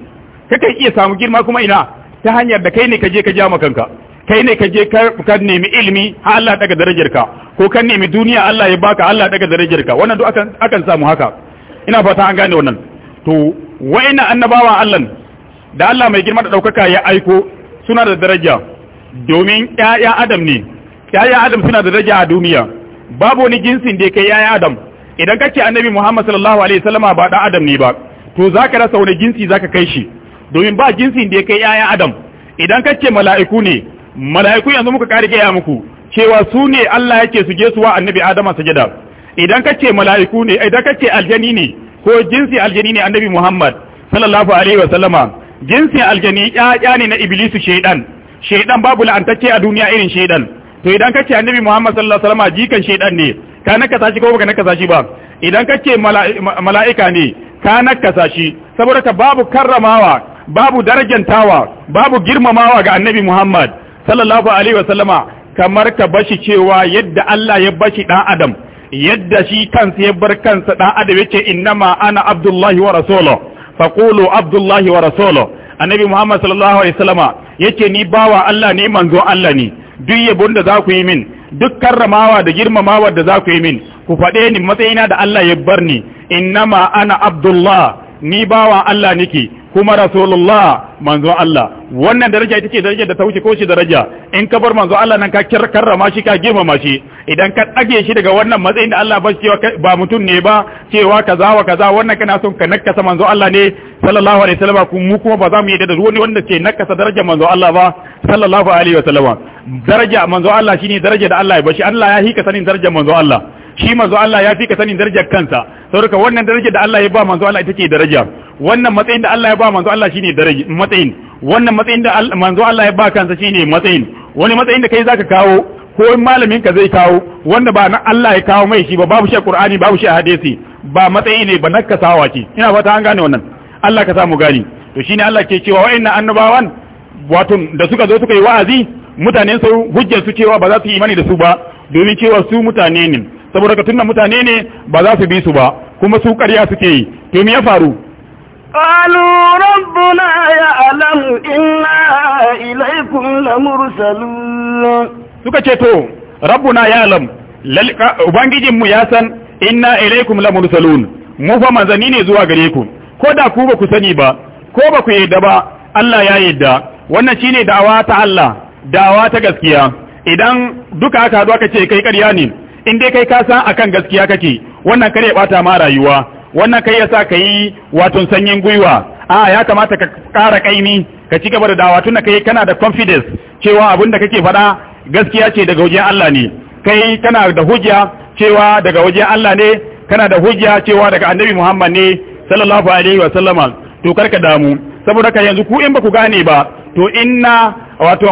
kake iya samun girma kuma ina ta hanyar da kai ne ka je ka ja kanka kai ne ka je ka nemi ilimi ha Allah daga darajarka ko ka nemi duniya Allah ya baka Allah daga darajarka wannan duk akan akan samu haka ina fata an gane wannan to wa'ina annabawa Allah da Allah mai girma da daukaka ya aiko suna da daraja domin ƴaƴa Adam ne ƴaƴa Adam suna da daraja a duniya babu wani jinsin da kai ƴaƴa Adam idan kace annabi Muhammad sallallahu alaihi wasallama ba da Adam ne ba to zaka rasa wani jinsi zaka kai shi domin ba jinsin da ya kai ‘ya’yan adam idan ka ce mala'iku ne mala'iku yanzu muka kare ya muku cewa su ne Allah yake su je suwa annabi adama sajada. idan ka ce mala'iku ne idan ka ce aljani ne ko jinsi aljani ne annabi muhammad sallallahu alaihi wa sallama jinsi aljani ‘ya’ya ne na iblisu shaydan shaydan babu la'antacce a duniya irin shaydan to idan ka ce annabi muhammad sallallahu alaihi wa sallama jikan shaydan ne ka naka sashi ko baka naka sashi ba idan ka ce mala'ika ne ka naka sashi, saboda ka babu karramawa babu darajantawa babu girmamawa ga annabi Muhammad sallallahu alaihi wasallama kamar ka bashi cewa yadda Allah ya bashi dan adam yadda shi kansa ya bar kansa dan adam yace innama ana abdullahi wa rasuluhu faqulu abdullahi wa rasuluhu annabi Muhammad sallallahu alaihi wasallama yace ni bawa Allah ne manzo Allah ne duk yabon da za ku yi min duk karramawa da girmamawa da za ku yi min ku faɗe ni matsayina da Allah ya bar ni innama ana abdullah ni bawa Allah nake kuma rasulullah manzo Allah wannan daraja ita ce daraja da ta wuce kowace daraja in ka bar manzo Allah nan ka karrama shi ka girmama shi idan ka dage shi daga wannan matsayin da Allah ba shi cewa ba mutum ne ba cewa kaza wa kaza wannan kana son ka nakasa manzo Allah ne sallallahu alaihi wasallam ku mu kuma ba za mu yadda da wani wanda ce nakasa daraja manzo Allah ba sallallahu alaihi wasallam daraja manzo Allah shine daraja da Allah ya bashi Allah ya hika sanin darajar manzo Allah shi manzo Allah ya fi ka sanin darajar kansa saboda wannan darajar da Allah ya ba manzo Allah ita ce daraja wannan matsayin da Allah ya ba manzo Allah shine daraja matsayin wannan matsayin da manzo Allah ya ba kansa shine matsayin wani matsayin da kai zaka kawo ko malamin ka zai kawo wanda ba na Allah ya kawo mai shi ba babu shi Qur'ani babu shi hadisi ba matsayi ne ba nakasawa ce ina fata an gane wannan Allah ka samu gani to shine Allah ke cewa wa'annan annabawan wato da suka zo suka yi wa'azi mutanen su hujjar su cewa ba za su yi imani da su ba domin cewa su mutane ne saboda ka tunna mutane ne ba za su bi su ba kuma su ƙarya suke yi to me ya faru قالوا suka ce to rabbuna ya'lam ubangijin mu ya san inna ilaikum lamursalun mu fa manzani ne zuwa gare ku ko da ku ba ku sani ba ko ba ku yadda ba Allah ya yadda wannan shine da'awa ta Allah da'awa ta gaskiya idan duka aka haɗu aka ce kai ƙarya ne in dai kai ka san akan gaskiya kake wannan kare ya bata ma rayuwa wannan kai yasa ka yi sanyin gwiwa a ya kamata ka ƙara kaimi ka ci gaba da dawa tunda kai kana da confidence cewa abin da kake faɗa gaskiya ce daga wajen Allah ne kai kana da hujja cewa daga wajen Allah ne kana da hujja cewa daga Annabi Muhammad ne sallallahu alaihi wa sallama to karka damu saboda ka yanzu ku in ba ku gane ba to inna wato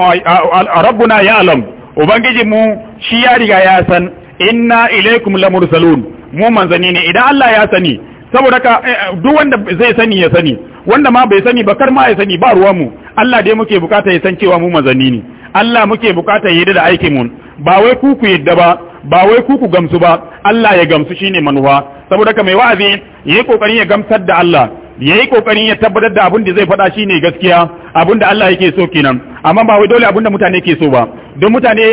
rabbuna ya'lam ubangijinmu shi ya riga ya san inna ilaikum lamursalun mu manzani ne idan Allah ya sani saboda ka eh, eh, duk wanda zai sani ya sani wanda ma bai sani ba kar ma ya sani ba ruwan mu Allah dai muke bukata ya san cewa mu manzani ne Allah muke bukata ya yarda da aikin mu ba wai ku ku yadda ba ba wai ku ku gamsu ba Allah ya gamsu shine manuwa saboda ka mai wa'azi yayi kokarin ya gamsar da Allah yayi kokarin ya tabbatar da abin da zai faɗa shine gaskiya abin da Allah yake so kenan amma ba wai dole abin da mutane ke so ba don mutane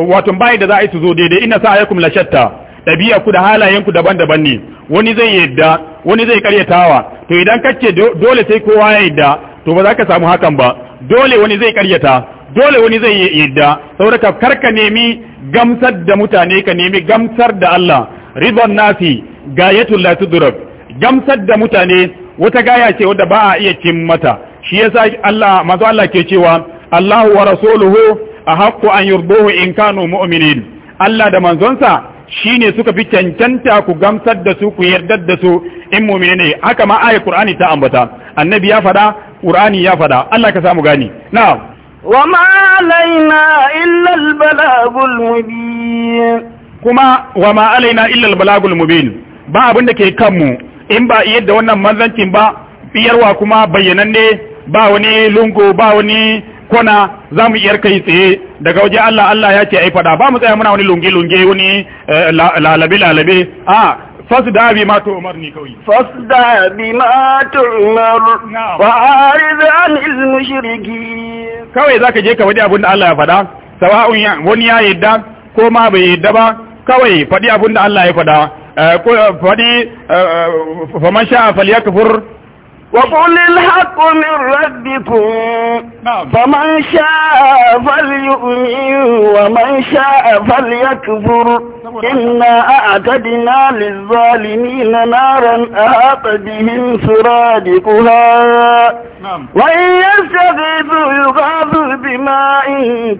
wato bai da za a yi su zo daidai ina sa ya la shatta ɗabi'a ku da halayenku daban-daban ne wani zai yadda wani zai karyatawa to idan kace dole sai kowa ya yadda to ba za ka samu hakan ba dole wani zai karyata dole wani zai yadda kar karka nemi gamsar da mutane ka nemi gamsar da Allah ridwan nasi gayatul la tudrab gamsar da mutane wata gaya ce wadda ba a iya cin mata shi yasa Allah manzo Allah ke cewa Allahu wa rasuluhu A haƙƙo an yurduhu in kanu mu'minin Allah da manzonsa shine suka fi cancanta ku gamsar da su ku yarda da su in mu'mini ne haka ma ayat Qur'ani ta ambata annabi ya fada Qur'ani ya fada Allah ka samu gani na'am wa ma alaina illa al-balagul mubin kuma wa ma alaina illa al-balagul mubin ba abin da ke kanmu in ba yadda wannan manzancin ba biyarwa kuma bayyananne ba wani lungo, ba wani kona za mu iyar kai tsaye daga waje Allah Allah ya ce ai fada ba mu tsaya muna wani lunge lunge wani eh, lalabe lalabe a فاصدع بما تؤمرني كوي فاصدع بما تؤمر وأعرض عن المشركين kawai zaka je ka faɗi abin da Allah ya fada sawa'un wani ya yadda ko ma bai yadda ba kawai faɗi abin da Allah ya fada eh, faɗi eh, faman sha'a falyakfur وقل الحق من ربكم نعم. فمن شاء فليؤمن ومن شاء فليكفر نعم. إنا أعتدنا للظالمين نارا أحاط بهم سرادقها نعم. وإن يستغيثوا يغاثوا بماء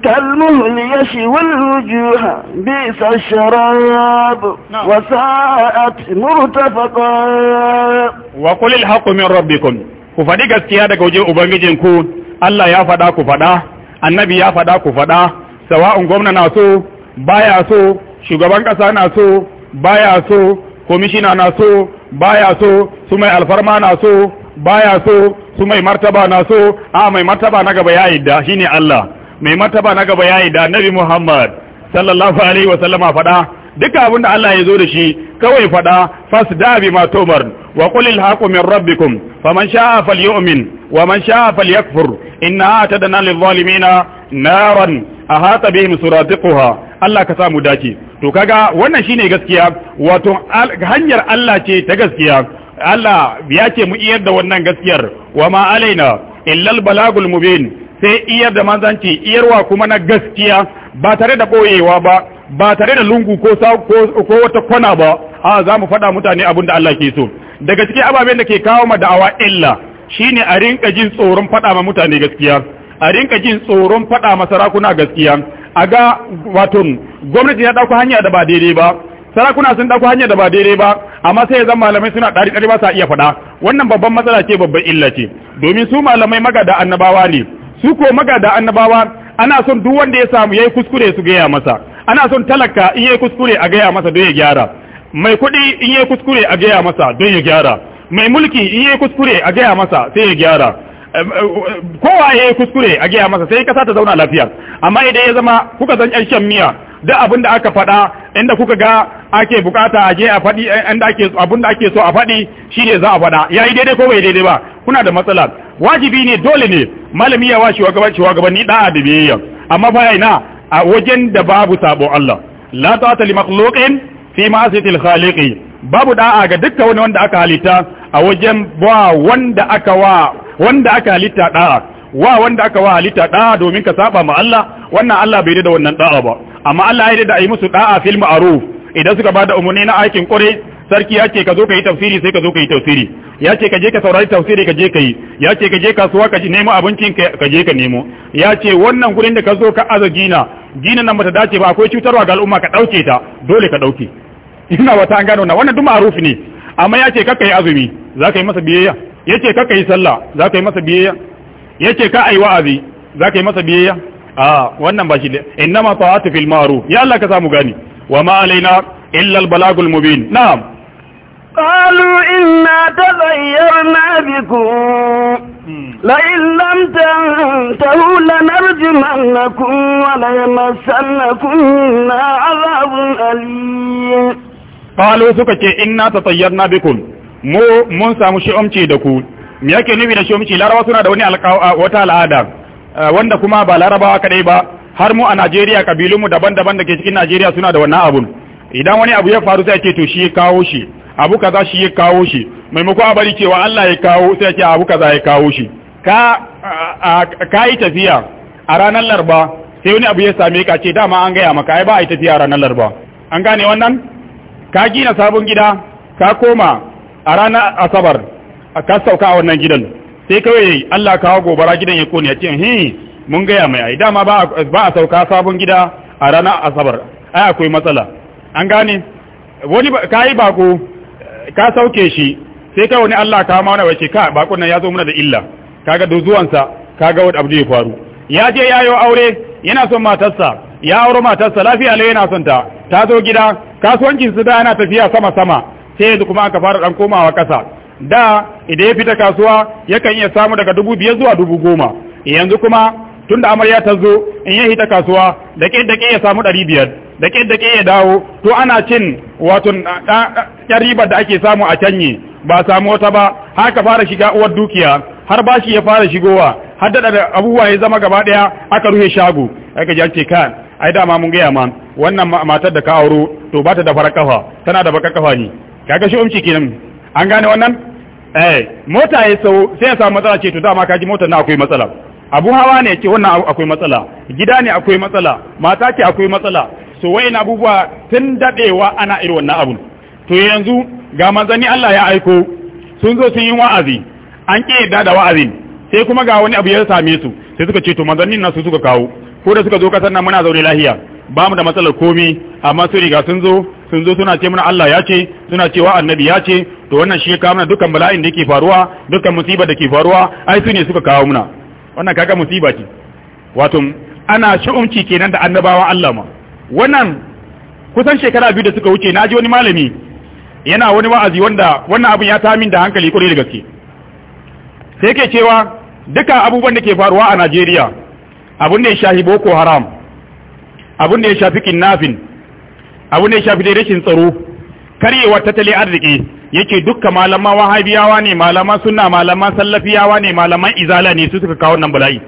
كالمهل يشوي الوجوه بئس الشراب وساءت مرتفقا وقل الحق من ربكم ku faɗi gaskiya daga wajen ubangijin ku Allah ya faɗa ku faɗa annabi ya faɗa ku faɗa sawa'un gwamna na so baya so shugaban ƙasa na so baya so komishina na so baya so su mai alfarma na so baya so su mai martaba na so a mai martaba na gaba ya yadda shine Allah mai martaba na gaba ya yadda annabi Muhammad sallallahu alaihi wa sallama faɗa duka abinda Allah ya zo da shi kawai fada fasda bi ma tumar wa qul haqu min rabbikum faman sha'a falyu'min wa man sha'a falyakfur inna atadna lil zalimina naran ahata bihim suratiquha Allah ka samu dace to kaga wannan shine gaskiya wato hanyar Allah ce ta gaskiya Allah ya ce mu iyar da wannan gaskiyar wa alaina illal balagul mubin sai iyar da manzanci iyarwa kuma na gaskiya ba tare da boyewa ba ba tare da lungu ko ko wata kwana ba a za mu faɗa mutane abin da Allah ke so daga cikin ababen da ke kawo ma da'awa illa shine a rinka jin tsoron faɗa ma mutane gaskiya a rinka jin tsoron faɗa ma sarakuna gaskiya a ga wato gwamnati ya dauko hanya da ba daidai ba sarakuna sun dauko hanya da ba daidai ba amma sai ya malamai suna ɗari ɗari ba sa iya faɗa wannan babban matsala ce babban illa ce domin su malamai magada annabawa ne su ko magada annabawa ana son duk wanda ya samu yayi kuskure su gaya masa ana son talaka in yayi kuskure a gaya masa don ya gyara mai kuɗi in yayi kuskure a gaya masa don ya gyara mai mulki in yayi kuskure a gaya masa sai ya gyara kowa ya yi kuskure a gaya masa sai kasa ta zauna lafiya amma idan ya zama kuka san yan shan miya duk abin da aka faɗa inda kuka ga ake bukata a je a faɗi eh, inda ake abin da ake so a faɗi shine za a faɗa yayi daidai ko bai daidai ba kuna da matsala wajibi ne dole ne malami ya washi wa gaban da'a da biyayya amma fa ina a wajen da babu sabo Allah la ta'ata li makhluqin fi ma'siyatil khaliqi babu da'a ga dukkan wani wanda aka halitta a wajen ba wanda aka wa wanda aka halitta da'a wa wanda aka wa halitta da'a domin ka saba ma Allah wannan Allah bai da wannan da'a ba amma Allah ya da yi musu da'a fil ma'ruf idan suka bada umarni na aikin kure sarki ya ce ka zo ka yi tafsiri sai ka zo ka yi tafsiri ya ce ka je ka saurari tafsiri ka je ka yi ya ce ka je kasuwa ka nemo abincin ka je ka nemo ya ce wannan gurin da ka zo ka aza gina dinin nan bata dace ba akwai cutarwa ga al'umma ka dauke ta dole ka dauke ina wata an gano na wannan duk ma'ruf ne amma yace kakka yi azumi zaka yi masa biyayya yace kakka yi sallah zaka yi masa biyayya yace ka ai wa'azi zaka yi masa biyayya a wannan ba shi da ma ta'atu fil ma'ruf ya Allah ka samu gani wa ma alaina illa al balagul mubin na'am قالوا إنا تغيرنا بكم لئن لم تنتهوا لنرجمنكم وليمسنكم منا عذاب أليم قالوا سكتي إنا تطيرنا بكم mu mun samu shi'umci da ku me yake nufi da shomci? Larawa suna da wani wata al'ada wanda kuma ba larabawa kadai ba har mu a Najeriya kabilunmu daban-daban da ke cikin Najeriya suna da wannan abun idan wani abu ya faru sai ake to shi kawo shi abu kaza shi ya kawo shi maimakon a bari cewa Allah ya kawo sai ce abu kaza ya kawo shi ka ka yi tafiya a ranar larba sai wani abu ya same ka ce dama an gaya maka ai ba a yi tafiya a ranar larba an gane wannan ka gina sabon gida ka koma a ranar asabar ka sauka a wannan gidan sai kawai Allah kawo gobara gidan ya kone ya ce hin mun gaya mai ai dama ba a sauka sabon gida a ranar asabar ai akwai matsala an gane wani ka yi bako ka sauke shi sai ka wani Allah ka mauna wace ka bakon nan ya zo muna da illa kaga da zuwansa kaga wani abu da ya faru ya je yi aure yana son matarsa ya aure matarsa lafiya lai yana son ta ta zo gida kasuwancin su da yana tafiya sama sama sai yanzu kuma aka fara dan komawa kasa da idan ya fita kasuwa yakan iya samu daga dubu biyar zuwa dubu goma yanzu kuma tunda amarya ta zo in ya hita kasuwa da ke da ke ya samu ɗari biyar da ƙe ya dawo to ana cin wato ɗan ribar da ake samu a canye ba samu wata ba haka fara shiga uwar dukiya har bashi ya fara shigowa har da abubuwa ya zama gaba ɗaya aka rufe shago aka jance kan ai dama mun gaya ma wannan matar da ka auro to ba ta da farar kafa tana da bakar kafa ne kaga shi umci kenan an gane wannan eh mota ya sau sai ya samu matsala ce to dama kaji motar na akwai matsala abu hawa ne ce wannan akwai matsala gida ne akwai matsala mata ce akwai matsala so wayan abubuwa tun dadewa ana iri wannan abun to yanzu ga manzanni Allah ya aiko sun zo sun yi wa'azi an ki yadda da wa'azin sai kuma ga wani abu ya same su sai suka ce to manzannin nasu suka kawo ko da suka zo kasar nan muna zaune lahiya ba mu da matsalar komi amma su riga sun zo sun zo suna ce mana Allah ya ce suna cewa annabi ya ce to wannan shi ya kawo mana dukkan bala'in da yake faruwa dukkan musibar da ke faruwa ai su ne suka kawo muna wannan kaga musiba ce wato ana shi'umci kenan da annabawan Allah ma wannan kusan shekara biyu da suka wuce na ji wani malami yana wani wa'azi wanda wannan abin ya tamin da hankali kwarai da gaske sai yake cewa duka abubuwan da ke faruwa a Najeriya abun da ya shafi Boko Haram abun da ya shafi kinnafin abun da shafi da rashin tsaro karyewa tattali arziki yake duka malama wahabiyawa ne malaman sunna malaman sallafiyawa ne malaman izala ne su suka kawo nan bala'i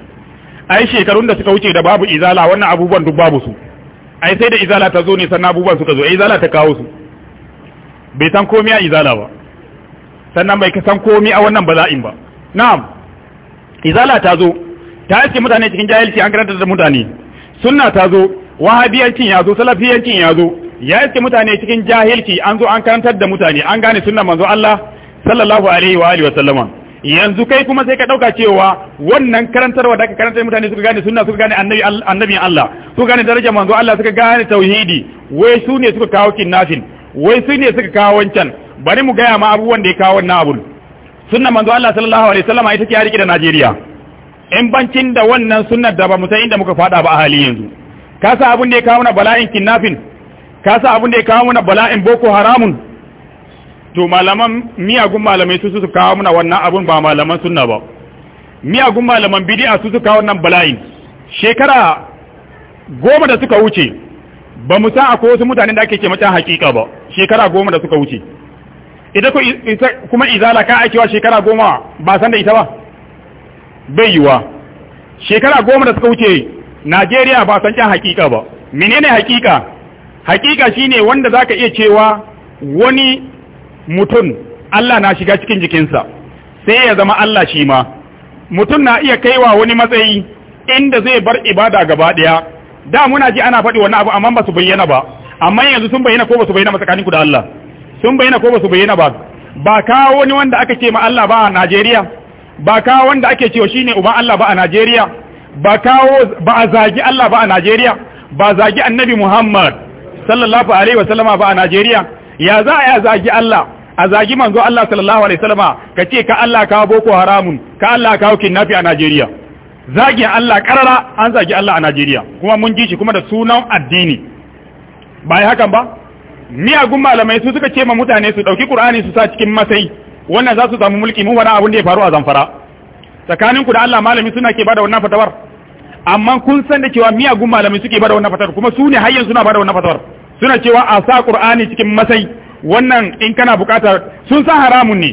ai shekarun da suka wuce da babu izala wannan abubuwan duk babu su ai sai da izala ta zo ne sannan abubuwan suka zo ai izala ta kawo su bai san komai a izala ba sannan bai san komai a wannan bala'in ba na'am izala ta zo ta iske mutane cikin jahilci an karanta da mutane sunna ta zo wahabiyancin ya zo salafiyancin ya zo ya iske mutane cikin jahilci an zo an karantar da mutane an gane sunna manzo Allah sallallahu alaihi wa alihi wa sallama yanzu kai kuma sai ka dauka cewa wannan karantarwa da ka karanta mutane suka gane sunna suka gane annabi annabin Allah suka gane darajar manzo Allah suka gane tauhidi wai su ne suka kawo kinnafin wai su ne suka kawo wancan bari mu gaya ma abubuwan da ya kawo wannan abun sunna manzo Allah sallallahu alaihi wasallam ita ya rike da Najeriya in bancin da wannan sunnar da ba mu san inda muka fada ba a hali yanzu kasa abun da ya kawo mana bala'in kinnafin kasa abun da ya kawo mana bala'in boko haramun to malaman miyagun malamai su su kawo muna wannan abun ba malaman sunna ba miyagun malaman bid'a su su kawo wannan bala'in shekara goma da suka wuce ba mu san akwai wasu mutane da ake ce mata hakika ba shekara goma da suka wuce ku kuma izala ka aikewa shekara goma ba san da ita ba bai yiwa shekara goma da suka wuce Najeriya ba san can hakika ba menene hakika hakika shine wanda zaka iya cewa wani mutum Allah na shiga cikin jikinsa sai ya zama Allah shi ma mutum na iya kaiwa wani matsayi inda zai bar ibada gaba daya da muna ji ana faɗi wani abu amma ba su bayyana ba amma yanzu sun bayyana ko ba su bayyana ba tsakaninku da Allah sun bayyana ko ba su bayyana ba ba kawo wani wanda aka ce ma Allah ba a Najeriya ba kawo wanda ake cewa shine uban Allah ba a Najeriya ba kawo ba a zagi Allah ba a Najeriya ba zagi Annabi Muhammad sallallahu alaihi wasallama ba a Najeriya ya za a ya zagi Allah a zagi manzo Allah sallallahu alaihi wasallama ka ce ka Allah kawo boko haramun ka Allah kawo nafi a Najeriya zagi Allah karara an zagi Allah a Najeriya kuma mun ji shi kuma da sunan addini ba ya hakan ba miyagun malamai su suka ce ma mutane su dauki Qur'ani su sa cikin masai wannan za su samu mulki mu wani abun da ya faru a Zamfara tsakanin ku da Allah malami suna ke bada wannan fatawar amma kun san da cewa miyagun malamai suke bada wannan fatawar kuma su ne hayyan suna bada wannan fatawar suna cewa a sa Qur'ani cikin masai wannan in kana bukata sun san haramun ne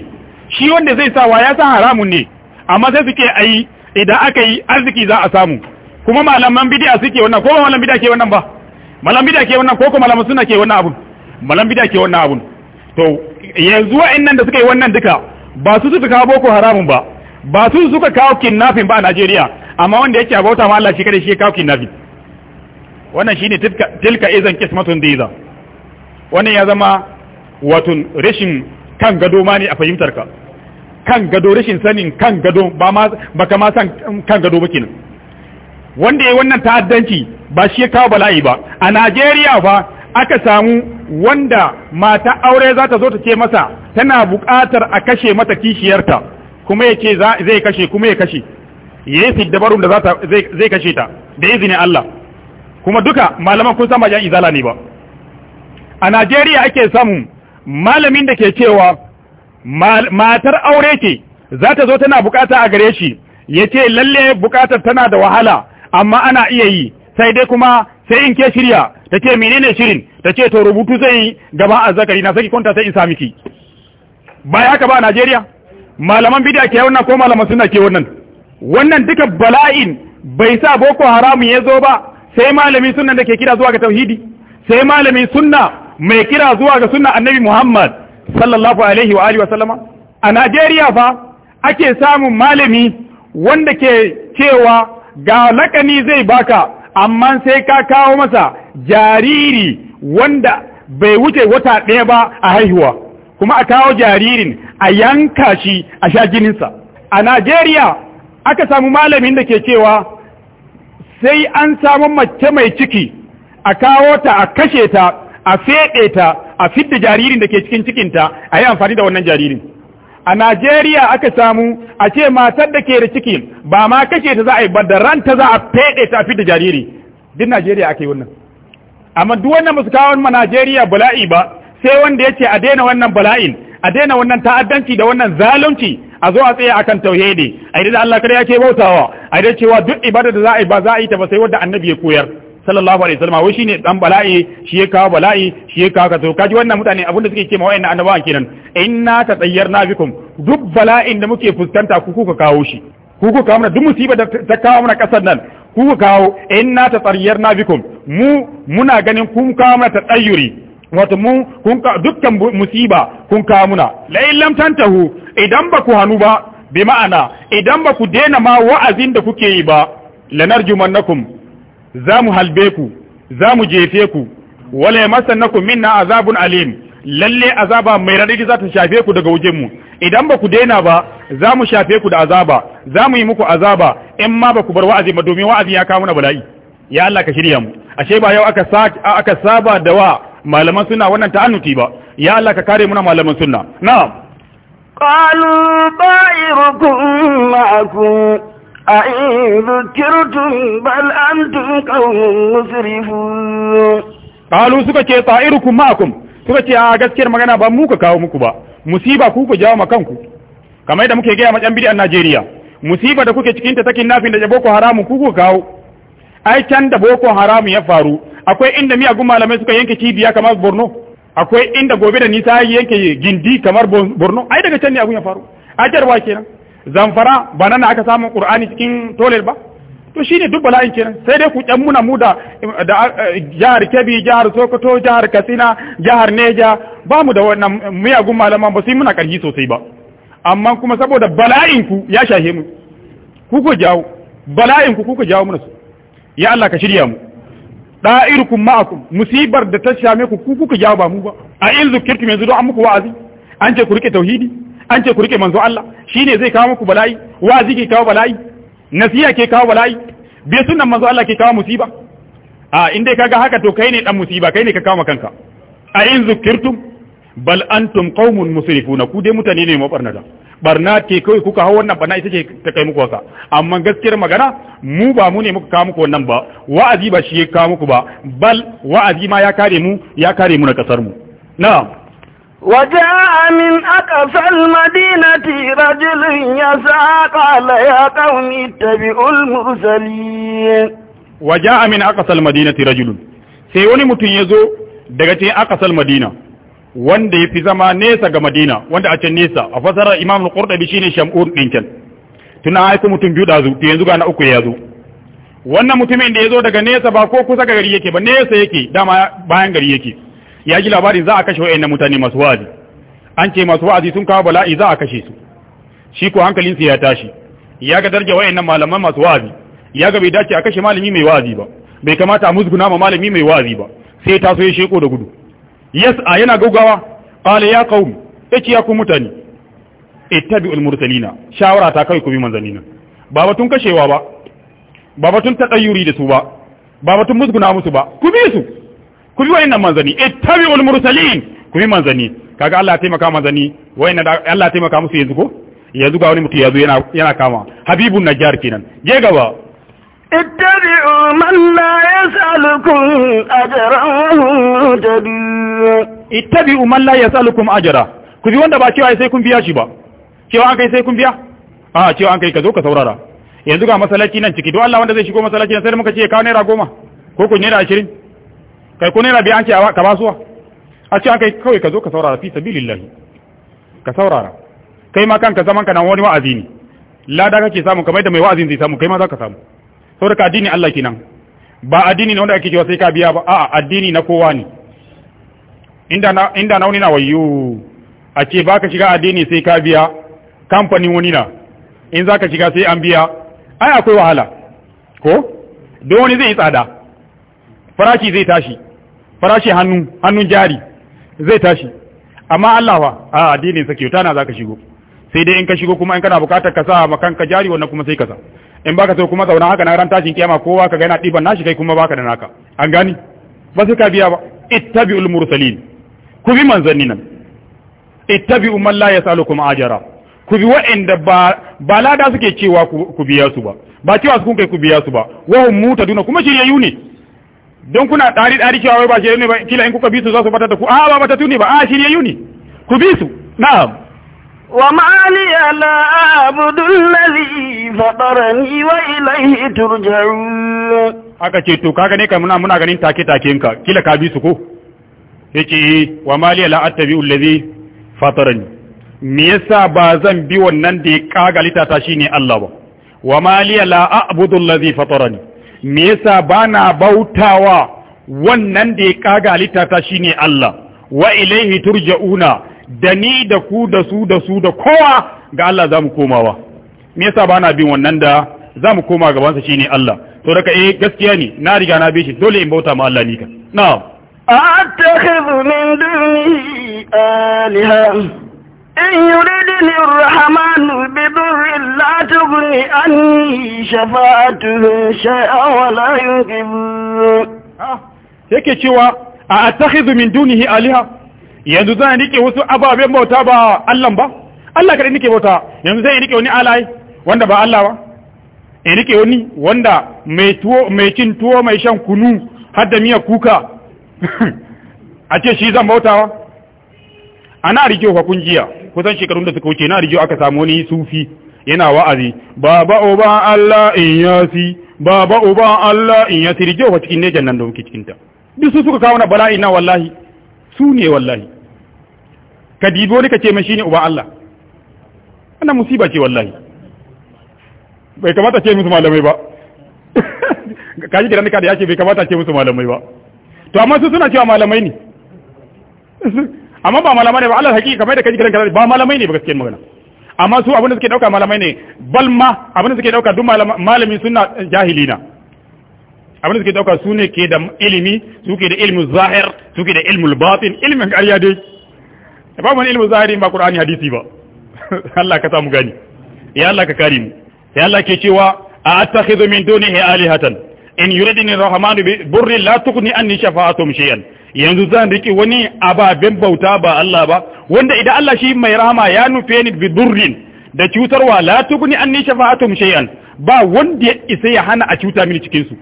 shi wanda zai sawa ya san haramun ne amma sai suke ayi idan aka yi arziki za a samu kuma malaman bid'a suke wannan ko ba malaman bid'a ke wannan ba malaman bid'a ke wannan ko ko malaman sunna ke wannan abun malaman bid'a ke wannan abun to yanzu wa'annan da suka yi wannan duka ba su suka kawo boko haramun ba ba su suka kawo kidnapping ba a Najeriya amma wanda yake abauta ma Allah shi kada shi ya kawo kidnapping wannan shine tilka tilka izan kismatun diza wannan ya zama wato rashin kan gado ma ne a fahimtar ka kan gado rashin sanin kan gado ba ma baka ma san kan gado ba kenan wanda yayi wannan ta'addanci ba shi ya kawo bala'i ba a Najeriya fa aka samu wanda mata aure za ta zo ta ce masa tana buƙatar a kashe mata kishiyarta kuma ya ce zai kashe kuma ya kashe ya yi dabarun da zai kashe ta da izinin Allah kuma duka malaman kun sama yan izala ne ba a Najeriya ake samun malamin da ke cewa matar aure ce za ta zo tana bukata a gare shi ya ce lalle bukatar tana da wahala amma ana iya yi sai dai kuma sai in ke shirya ta ce menene shirin ta ce to rubutu zai yi gaba a zakari na saki kwanta sai in sami ki baya haka ba a Najeriya malaman bidiya ke wannan ko malaman suna ke wannan wannan duka bala'in bai sa boko haramun ya zo ba sai malamin sunan da ke kira zuwa ga tauhidi sai malamin sunna mai kira zuwa ga sunna annabi Muhammad sallallahu alaihi wa alihi wa sallama a Najeriya fa ake samun malami wanda ke cewa ga lakani zai baka amma sai ka kawo masa jariri wanda bai wuce wata ɗaya ba a haihuwa kuma a kawo jaririn a yanka shi a sha jininsa a Najeriya aka samu malamin da ke cewa sai an samu mace mai ciki a kawo ta a kashe ta a feɗe ta a fidda jaririn da ke cikin cikin ta a yi amfani da wannan jaririn a Najeriya aka samu a ce matar da ke da ciki ba ma kashe ta za a yi ba da ranta za a feɗe ta a fidda jariri duk Najeriya aka yi wannan amma duk wannan musu kawo ma Najeriya bala'i ba sai wanda ya ce a daina wannan bala'in a daina wannan ta'addanci da wannan zalunci a zo a tsaye akan tauhidi a yi da Allah kada yake bautawa a yi da cewa duk ibada da za a yi ba za a yi ta ba sai wanda annabi ya koyar sallallahu alaihi wasallam wai shine dan bala'i shi ya kawo bala'i shi ya kawo kaso kaji wannan mutane abinda suke ce ma wayannan annabawan kenan inna tatayyarna bikum duk bala'in da muke fuskanta ku kuka kawo shi ku kuka kawo mana duk musiba da ta kawo mana kasar nan ku kuka kawo inna tatayyarna bikum mu muna ganin kun kawo mana tatayyuri wato mu kun dukkan musiba kun kawo muna la illam tantahu idan ba ku hanu ba bi ma'ana idan ba ku daina ma wa'azin da kuke yi ba lanarjumannakum za mu halbe ku za mu jefe ku wala yamassannakum minna azabun alim lalle azaba mai radadi za ta shafe ku daga wajen mu idan ba ku daina ba za mu shafe ku da azaba za mu yi muku azaba in ma ba ku bar wa'azi ba domin wa'azi ya kawo mana bala'i ya Allah ka shirya mu ashe ba yau aka aka saba da wa malaman sunna wannan ta'annuti ba ya Allah ka kare muna malaman sunna na'am qalu ba'irukum ma'akum أئن ذكرتم بل أنتم قوم مسرفون قالوا سكتي طائركم معكم سكتي أغسكر مغانا بموك كاومك با musiba ku ku jawo makanku kamar yadda muke gaya ma yan a Najeriya musiba da kuke cikin ta takin nafin da boko haramu ku ku kawo ai can da boko haramu ya faru akwai inda miyagun malamai suka yanke cibiya kamar Borno akwai inda gobe da nisa ya yanke gindi kamar Borno ai daga can ne abun ya faru a jarwa kenan zamfara ba nan aka samu qur'ani cikin tolel ba to shine duk bala'in kenan sai dai ku kyan muna mu da eh, jihar Kebbi jihar Sokoto jihar Katsina jihar Neja ba mu da wannan miyagun malaman ba sai muna karhi sosai ba amma kuma saboda bala'in ku ya shahe mu ku ku jawo bala'in ku ku ku jawo mu su ya Allah ka shirya mu da'irukum ma'akum musibar da ta shame ku ku ku jawo ba mu ba a in zukirtum yanzu don an muku wa'azi an ce ku rike tauhidi an ce ku rike manzo Allah shine zai kawo muku bala'i wazi ke kawo bala'i nasiya ke kawo bala'i bi sunan manzo Allah ke kawo musiba a in dai kaga haka to kai ne dan musiba kai ne ka kawo kanka a in zukirtum bal antum qaumun musrifuna ku dai mutane ne mu barna ke kawai kuka hau wannan bana ita ce ta kai muku wasa, amma gaskiyar magana mu ba mu ne muka kawo muku wannan ba wa'azi ba shi ya kawo muku ba bal wa'azi ma ya kare mu ya kare mu na kasar mu na'am وجاء من أقفى المدينة رجل يسعى قال يا قوم اتبعوا المرسلين وجاء من أقفى المدينة رجل sai wani mutum ya zo daga wanda ya fi zama nesa ga madina wanda a can nesa a fasarar imam al-qurtubi shine shamun dinkin tuna haifi mutum biyu da zu to yanzu ga na uku ya zo wannan mutumin da ya zo daga nesa ba ko kusa ga gari yake ba nesa yake dama bayan gari yake ya ji labarin za a kashe wayannan mutane masu wa'azi an ce masu wa'azi sun kawo bala'i za a kashe su shi ko su ya tashi ya ga darja wayannan malaman masu wa'azi ya ga bai dace a kashe malami mai wa'azi ba bai kamata a musguna ma malami mai wa'azi ba sai ta so ya sheko da gudu yes a yana gaugawa qala ya qaum yace ya ku mutane ittabi'ul mursalina shawara ta kai ku bi manzalina ba batun kashewa ba ba batun taqayyuri da su ba ba batun musguna musu ba ku bi su ku bi wayannan manzani ittabi'ul mursalin ku bi manzani kaga Allah ya taimaka manzani wayannan Allah ya taimaka musu yanzu ko yanzu ga wani mutum yanzu yana yana kama habibun najjar kenan je gaba ittabi'u man la yas'alukum ajran tabi'u ittabi'u man la yas'alukum ajra ku bi wanda ba cewa sai kun biya shi ba cewa an kai sai kun biya a cewa an kai ka zo ka saurara yanzu ga masalaci nan ciki don Allah wanda zai shigo masalaci nan sai muka ce ka naira goma ko ku naira ashirin kai ko naira biya an ce ka basuwa a ce an kai kawai ka zo ka saurara fi sabilillahi ka saurara kai ma kanka zaman ka nan wani wa'azi ne lada kake samu kamar da mai wa'azin zai samu kai ma za ka samu saboda ka addini Allah kinan ba addini ne wanda ake cewa sai ka biya ba a'a addini na kowa ne inda na inda na wani na wayo a ce baka shiga addini sai ka biya kamfanin wani na in zaka shiga sai an biya ai akwai wahala ko don wani zai yi tsada farashi zai tashi farashi hannu hannun jari zai tashi amma Allah wa a addinin sa kyauta na zaka shigo sai dai in ka shigo kuma in kana bukatar ka sa ma kanka jari wannan kuma sai ka sa in baka sai kuma zauna haka na ran tashin kiyama kowa kaga yana diban nashi kai kuma baka da naka an gani ba sai ka biya ba ittabi'ul mursalin ku bi manzanni nan ittabi'u man la yasalukum ajara ku bi wa'inda ba ba lada suke cewa ku biya su ba ba cewa su kun kai ku biya su ba wa hum mutaduna kuma shiryayyu ne don kuna ɗari ɗari cewa wai ba shi ne ba kila in kuka bisu su za su bata da ku a ba bata tuni ba a shi ne ku bi su na'am وما لي لا أعبد الذي wa وإليه ترجعون aka ce to kaga ne kai muna muna ganin take take ka kila ka bi su ko yace eh, wa mali la attabi allazi fatarani me yasa ba zan bi wannan da ya kagalita ta shine Allah ba wa mali la a'budu allazi fatarani me yasa bana bautawa wannan da ya kaga littata shine Allah wa ilaihi turja'una da ni da ku da su da su da kowa ga Allah zamu komawa me yasa bana bin wannan da zamu koma gaban sa shine Allah to daga eh gaskiya ne na riga na bishi dole in bauta ma Allah ni ka na'am أتخذ من دونه آلهة إن يردني الرحمن بضر لا تغني أني شفاعته شيئا ولا ينقذ yake cewa a attakhidhu min dunihi aliha yanzu zan rike wasu ababen bauta ba Allah ba Allah kada nike bauta yanzu zan rike wani alai wanda ba Allah ba in rike wani wanda mai tuwo mai cin tuwo mai shan kunu har da miya kuka a ce shi zan bautawa ana rike hukunjiya kusan shekarun da suka wuce na rijiyo aka samu wani sufi yana wa'azi baba uba Allah in yasi baba uba Allah in yasi rijiyo wa cikin nejan nan da muke cikin ta duk su suka kawo na bala'i na wallahi su ne wallahi ka dibi wani ka ce mai shine uba Allah wannan musiba ce wallahi bai kamata ce musu malamai ba Ka gidan ka da ya ce bai kamata ce musu malamai ba to amma su suna cewa malamai ne amma ba malamai ne ba Allah hakika kamar da kaji kiran ba malamai ne ba gaskiyar magana amma su abin da suke dauka malamai ne bal ma abin da suke dauka duk malamin sunna jahili na abin da suke dauka su ne ke da ilimi su ke da ilmi zahir su ke da ilmi batin ilmin ƙarya dai ba mu ilmi zahiri ba qur'ani hadisi ba Allah ka samu gani ya Allah ka kare mu ya Allah ke cewa a attakhidhu min dunihi alihatan in yuridni rahmanu bi burri la tughni anni shafa'atuhum shay'an yanzu zan rike wani ababen bauta ba Allah ba wanda idan Allah shi mai rahama ya nufe ni bi durrin da cutarwa la tugni anni shafa'atum shay'an ba wanda ya isa ya hana a cuta mini cikin su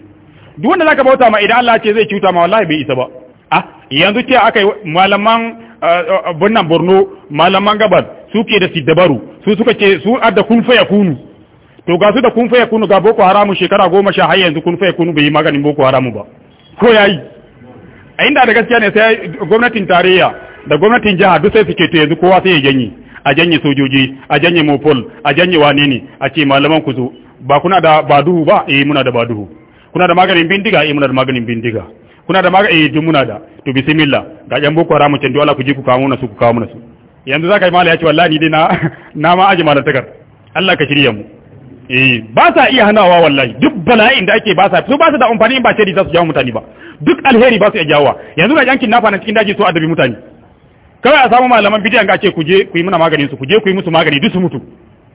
duk wanda zaka bauta ma idan Allah ce zai cuta ma wallahi bai isa ba ah yanzu ce akai malaman eh, eh, bunnan Borno malaman gabar suke da dabaru su suka ce su adda kun fa yakunu to ga su da kun fa yakunu ga boko haramu shekara goma sha har yanzu kun fa yakunu bai magani boko haramu ba ko yayi a inda da gaskiya ne sai gwamnatin tarayya da gwamnatin jiha duk sai suke to yanzu kowa sai ya janye a janye sojoji a janye mopol a janye wane ne a ce malaman ku zo ba kuna da baduhu ba eh muna da baduhu kuna da maganin bindiga eh muna da maganin bindiga kuna da maganin eh muna da to bismillah ga yan boko haram can dole ku ji ku kawo mana su ku kawo mana su yanzu zaka yi mala ya ce wallahi ni dai na na ma aji malantakar Allah ka shirya mu eh ba sa iya hanawa wallahi duk bala'in da ake ba sa su ba su da amfani in ba shari za su jawo mutane ba duk alheri ba su iya jawo yanzu ga yankin nafa na cikin daji so adabi mutane kawai a samu malaman bidiyan ga ce ku je ku yi muna maganin su ku je ku yi musu magani duk su mutu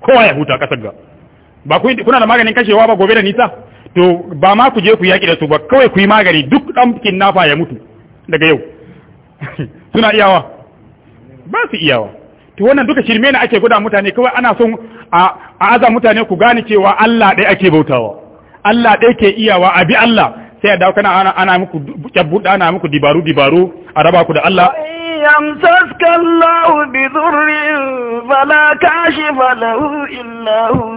kowa ya huta kasar ga ba ku kuna da maganin kashewa ba gobe da nisa to ba ma ku je ku yaki da su ba kawai ku yi magani duk dan kin nafa ya mutu daga yau suna iyawa ba su iyawa to wannan duka shirme ne ake guda mutane kawai ana son a aza mutane ku gane cewa Allah ɗaya ake bautawa Allah ɗaya ke iyawa a bi Allah sai a dawo kana ana muku kyabbuɗa ana muku dibaru dibaru a raba ku da Allah يمسسك الله بضر فلا كاشف له إلا هو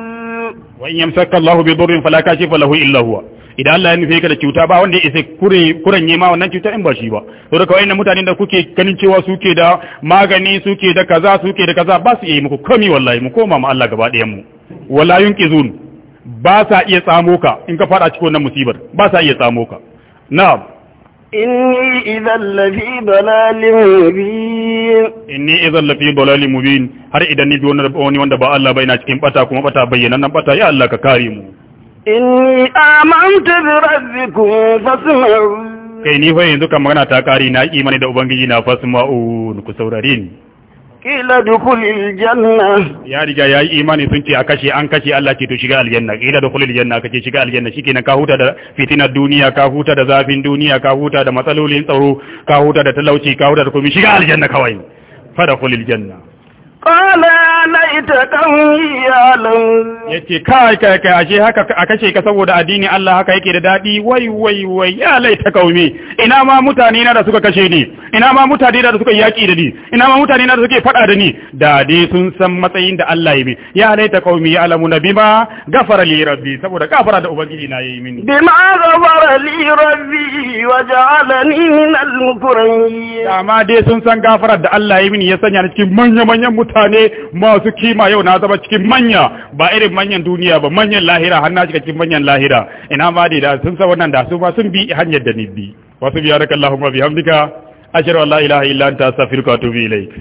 وإن يمسك الله بضر فلا كاشف له إلا هو idan Allah ya nufe ka da cuta ba wanda ya isa yi ma wannan cuta in ba shi ba to da kawai mutanen da kuke ganin cewa suke da magani suke da kaza suke da kaza ba su iya muku komi wallahi mu koma ma Allah gaba ɗaya mu wala yunqizun ba sa iya tsamo ka in ka fada cikin wannan musibar ba sa iya tsamo ka na'am inni idan lafi balalin mubin inni idan lafi dalalin mubin har idan ni bi wani wanda ba Allah ba ina cikin bata kuma bata bayyana nan bata ya Allah ka kare mu inni amantu bi rabbikum fasma'u kai ni fa yanzu kan magana ta kari na imani da ubangiji na fasma'u ku saurare ni kila dukulil janna ya riga ya yi imani sun ce a kashe an kashe Allah ce to shiga aljanna kila dukulil janna ce shiga aljanna shi kenan ka huta da fitinar duniya ka huta da zafin duniya ka huta da matsalolin tsaro ka huta da talauci ka huta da komai shiga aljanna kawai fada kulil janna Ƙala na ita ɗan yalin. Ya ce, kai kai kai ashe haka a kashe ka saboda addini Allah haka yake da daɗi, wai wai wai ya laita kaume. ina ma mutane na da suka kashe ni, ina ma mutane na da suka yaƙi da ni, ina ma mutane na da suke faɗa da ni, da dai sun san matsayin da Allah ya min? ya laita kaume ya alamu na bima gafara li rabbi, saboda gafara da Ubangiji na ya yi mini. Bima gafara li rabbi wa ja'alani min al-mukarramin. Amma dai sun san gafarar da Allah ya yi mini ya sanya ni cikin manya-manyan mutane. mutane masu kima yau na zama cikin manya ba irin manyan duniya ba manyan lahira har na cikin manyan lahira ina ma dai da sun san wannan da su ma sun bi hanyar da ni bi wasu biya raka ma bihamdika ashhadu an la ilaha illa anta astaghfiruka wa atubu ilaik